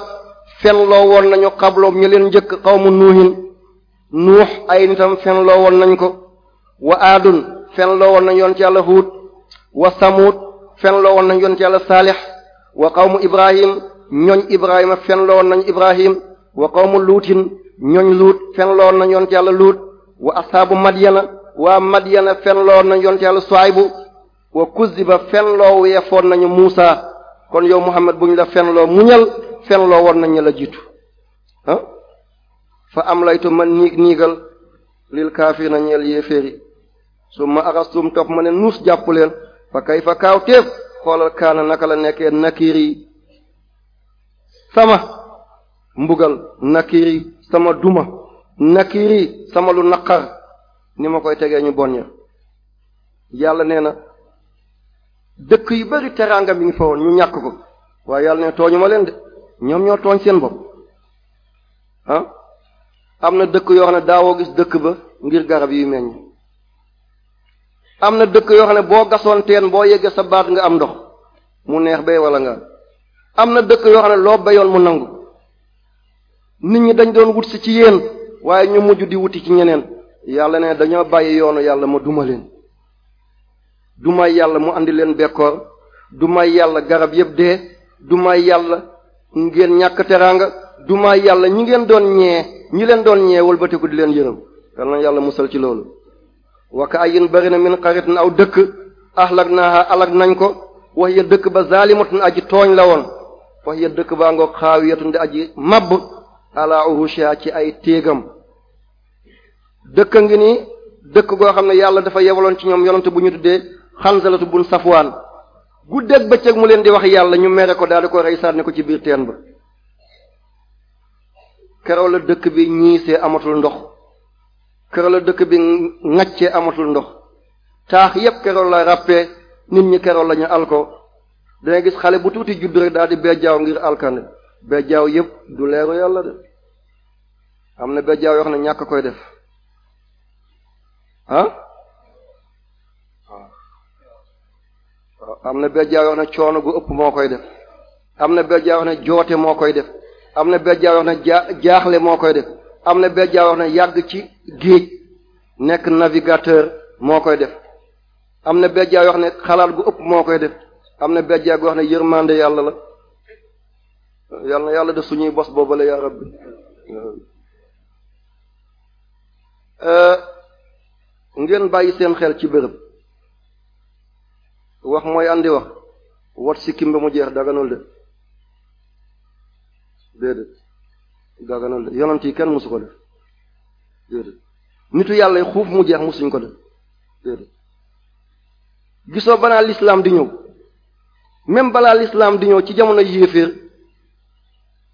fenloo woon nañu xabloom ñu leen njëkk xawmu nuuhin nuux ay nitam fenloo woon nañ ko wa aadun fenloo woon nañ yoon ci yàlla huut wa samuud fenloo woon nañ yoon ci yàlla saalix wa xawmu ibrahim ñooñ ibrahima fenloo woon nañ ibrahim wa qawmu luutin ñooñ luut fenloon na yonte yàlla luut wa asxaabu madyana waa madyana fenloon na yonte yàlla bu wa kuzziba fenloo weefoon nañu muusa kon yow muhammad bu ñu la fenloo muñal loo woon nañu la jiitu ah fa am laytu ma niig niigal lil kaafir na ñeel yéeféeri su ma arastum topp ma ne nuus jàpp fa kay fa kaaw téef xoolal kaana naka la nekkee nakiri sama mbugal nakiri sama duma nakiri sama lu naqar ni ma koy tegee ñu bon ña yàlla nee na dëkk yu bari teraanga bi ngi fa woon ñu ñàkk ko waaye yàlla ne tooñu ma leen de ñoom ñoo tooñ seen bopp ah? am na dëkk yoo xam ne daawoo gis dëkk ba ngir garab yi meññ am na dëkk yoo xam ne boo gasoon teen boo yeggee sa baat nga am ndox mu neex bay walla nga am na dëkk yoo xam ne loo bayoon mu nangu nit ñi dañ doon wut si ci yéen waaye ñu mujj di wuti ci ñeneen yàlla ne dañoo bàyyi yoonu yàlla ma duma leen duma yàlla mu andi leen bekkoor du may yàlla garab yëpp dee du may yàlla ngeen ñàkk teraanga duma may yàlla ñi ngeen doon ñee ñi leen doon ñee walbatiku di leen yërëm yal na yàlla musal ci loolu waka ayin bari na min xaritin aw dëkk ahlak naa alag nañ ko wax ya dëkk ba na aji tooñ la woon wax ya dëkk baa ngoog xaawiyatun di aji mabb ala uhusha ci ay téegam dëkk ngi ni dëkk goo xam ne yàlla dafa yebaloon ci ñoom yonante bu ñu tuddee xansalatu bun safwaan guddeeg bëccëg mu leen di wax yàlla ñu mere ko daal ko rey sànni ko ci biir teen ba keroo la dëkk bi ñiisee amatul ndox keroo la dëkk bi ŋaccee amatul ndox taax yépp keroo la ràppee nit ñi keroo la ñu al gis xale bu tuuti judd rek daal di bejjaaw ngir alkande bejjaaw yépp du leeru yàlla de am na bejjaaw yoo xam ne koy def am na bejjaaw yoo xam coono gu ëpp moo koy def am na bejjaaw yoo xam joote moo koy def am na bejjaaw yoo xam jaaxle moo koy def am na bejjaaw yoo xam yàgg ci géej nekk navigateur moo koy def am na bejjaaw yoo xam ne xalaat gu ëpp moo koy def am na bejjaaw goo xam ne yàlla la yàlla yàlla def suñuy bos boobale yaa rabbi Euh, ngeen bàyyi seen xel ci bërëb wax mooy andi wax wat sikkim ba mu jeex daganul de déedéet daganul de yonent yi kenn mosu ko def déedéet nitu yàlla xuuf mu jeex mosuñ ko de déedéet gisoo banaa lislaam di ñëw même balaa lislaam di ñëw ci jamono yéeféer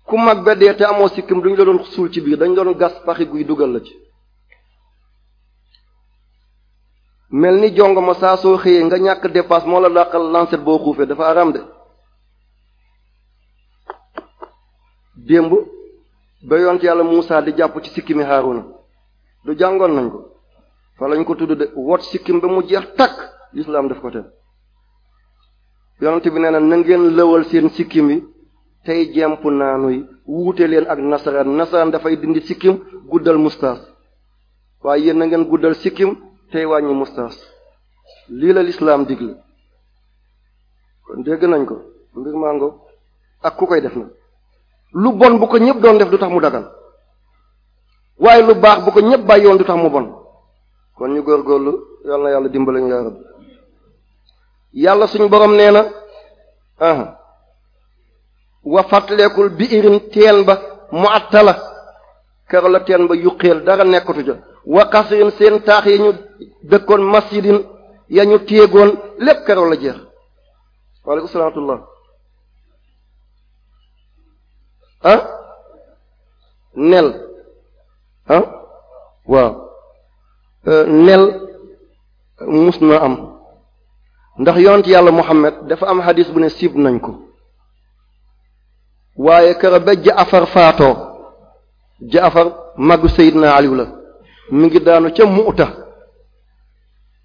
ku mag ba dee te amoo sikkim duñ la doon suul ci biir dañ doon gas paxi guy dugal la ci mel ni jongo ma saa soo xëyee nga ñàkk dépasse moo la dàqal lancet boo xuufee dafa aram de démb ba yont yàlla Muusa di jàpp ci sikkimi Haaruna du jàngoon nañ ko fa lañ ko tudd de wot sikkim ba mu jeex takk lislaam daf ko te yonent bi nee na na ngeen lëwal seen sikkim yi tey jemp naa naanuy wuute leen ak nasaraan nasaraan dafay dindi sikkim guddal mustaas waaye yéen na ngeen guddal sikkim tey wàññi mustaas lii la lislaam digle kon dégg nañ ko mbir mango ak ku koy def na lu bon bu ko ñëpp doon def du tax mu dagan waaye lu baax bu ko ñëpp bàyyi woon du tax mu bon kon ñu góorgóorlu yal na yàlla dimbale ñu yaa rab yàlla suñu borom nee na aha wa fàttalekul bi irin teen ba mu àttala keroog la teen ba yuqeel dara nekkatu ja wa qasrin seen taax ya ñu dëkkoon masjidin ya ñu téegoon lépp keroog la jeex waaleykum salaam wa rahmatullah ah nel ah? Euh, nel mus na am ndax yonent yàlla Muhammad dafa am hadis bu ne sib nañ ko waaye kër ba ja afar faatoo jaafar màggu Seydina Aliou la mu ngi daanu ca Muuta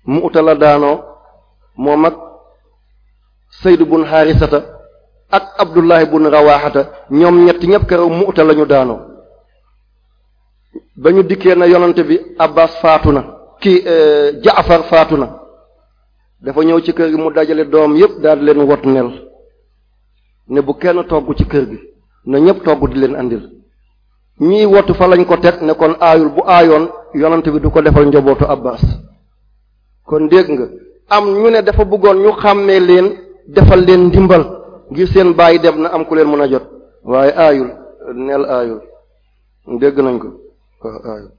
Muuta la daanoo moo mag Seyd bun Xaarisata ak Abdullahi bun Rawaxata ñoom ñetti ñëpp keroog Muuta la ñu daanoo ba ñu dikkee na yonante bi Abbas faatu na kii euh, jaafar faatu na dafa ñëw ci kër gi mu dajale doom yépp daal di leen wot nel ne bu kenn togg ci kër gi na ñëpp togg di leen andil ñii wottu fa lañ ko teg ne kon aayul bu aayoon yonante bi du ko defal njobootu abbas kon dégg nga am ñu ne dafa bëggoon ñu xàmmee leen defal leen ndimbal ngir seen bàyyi dem na am ku leen mën a jot waaye aayul neel aayul dégg nañ ko aayul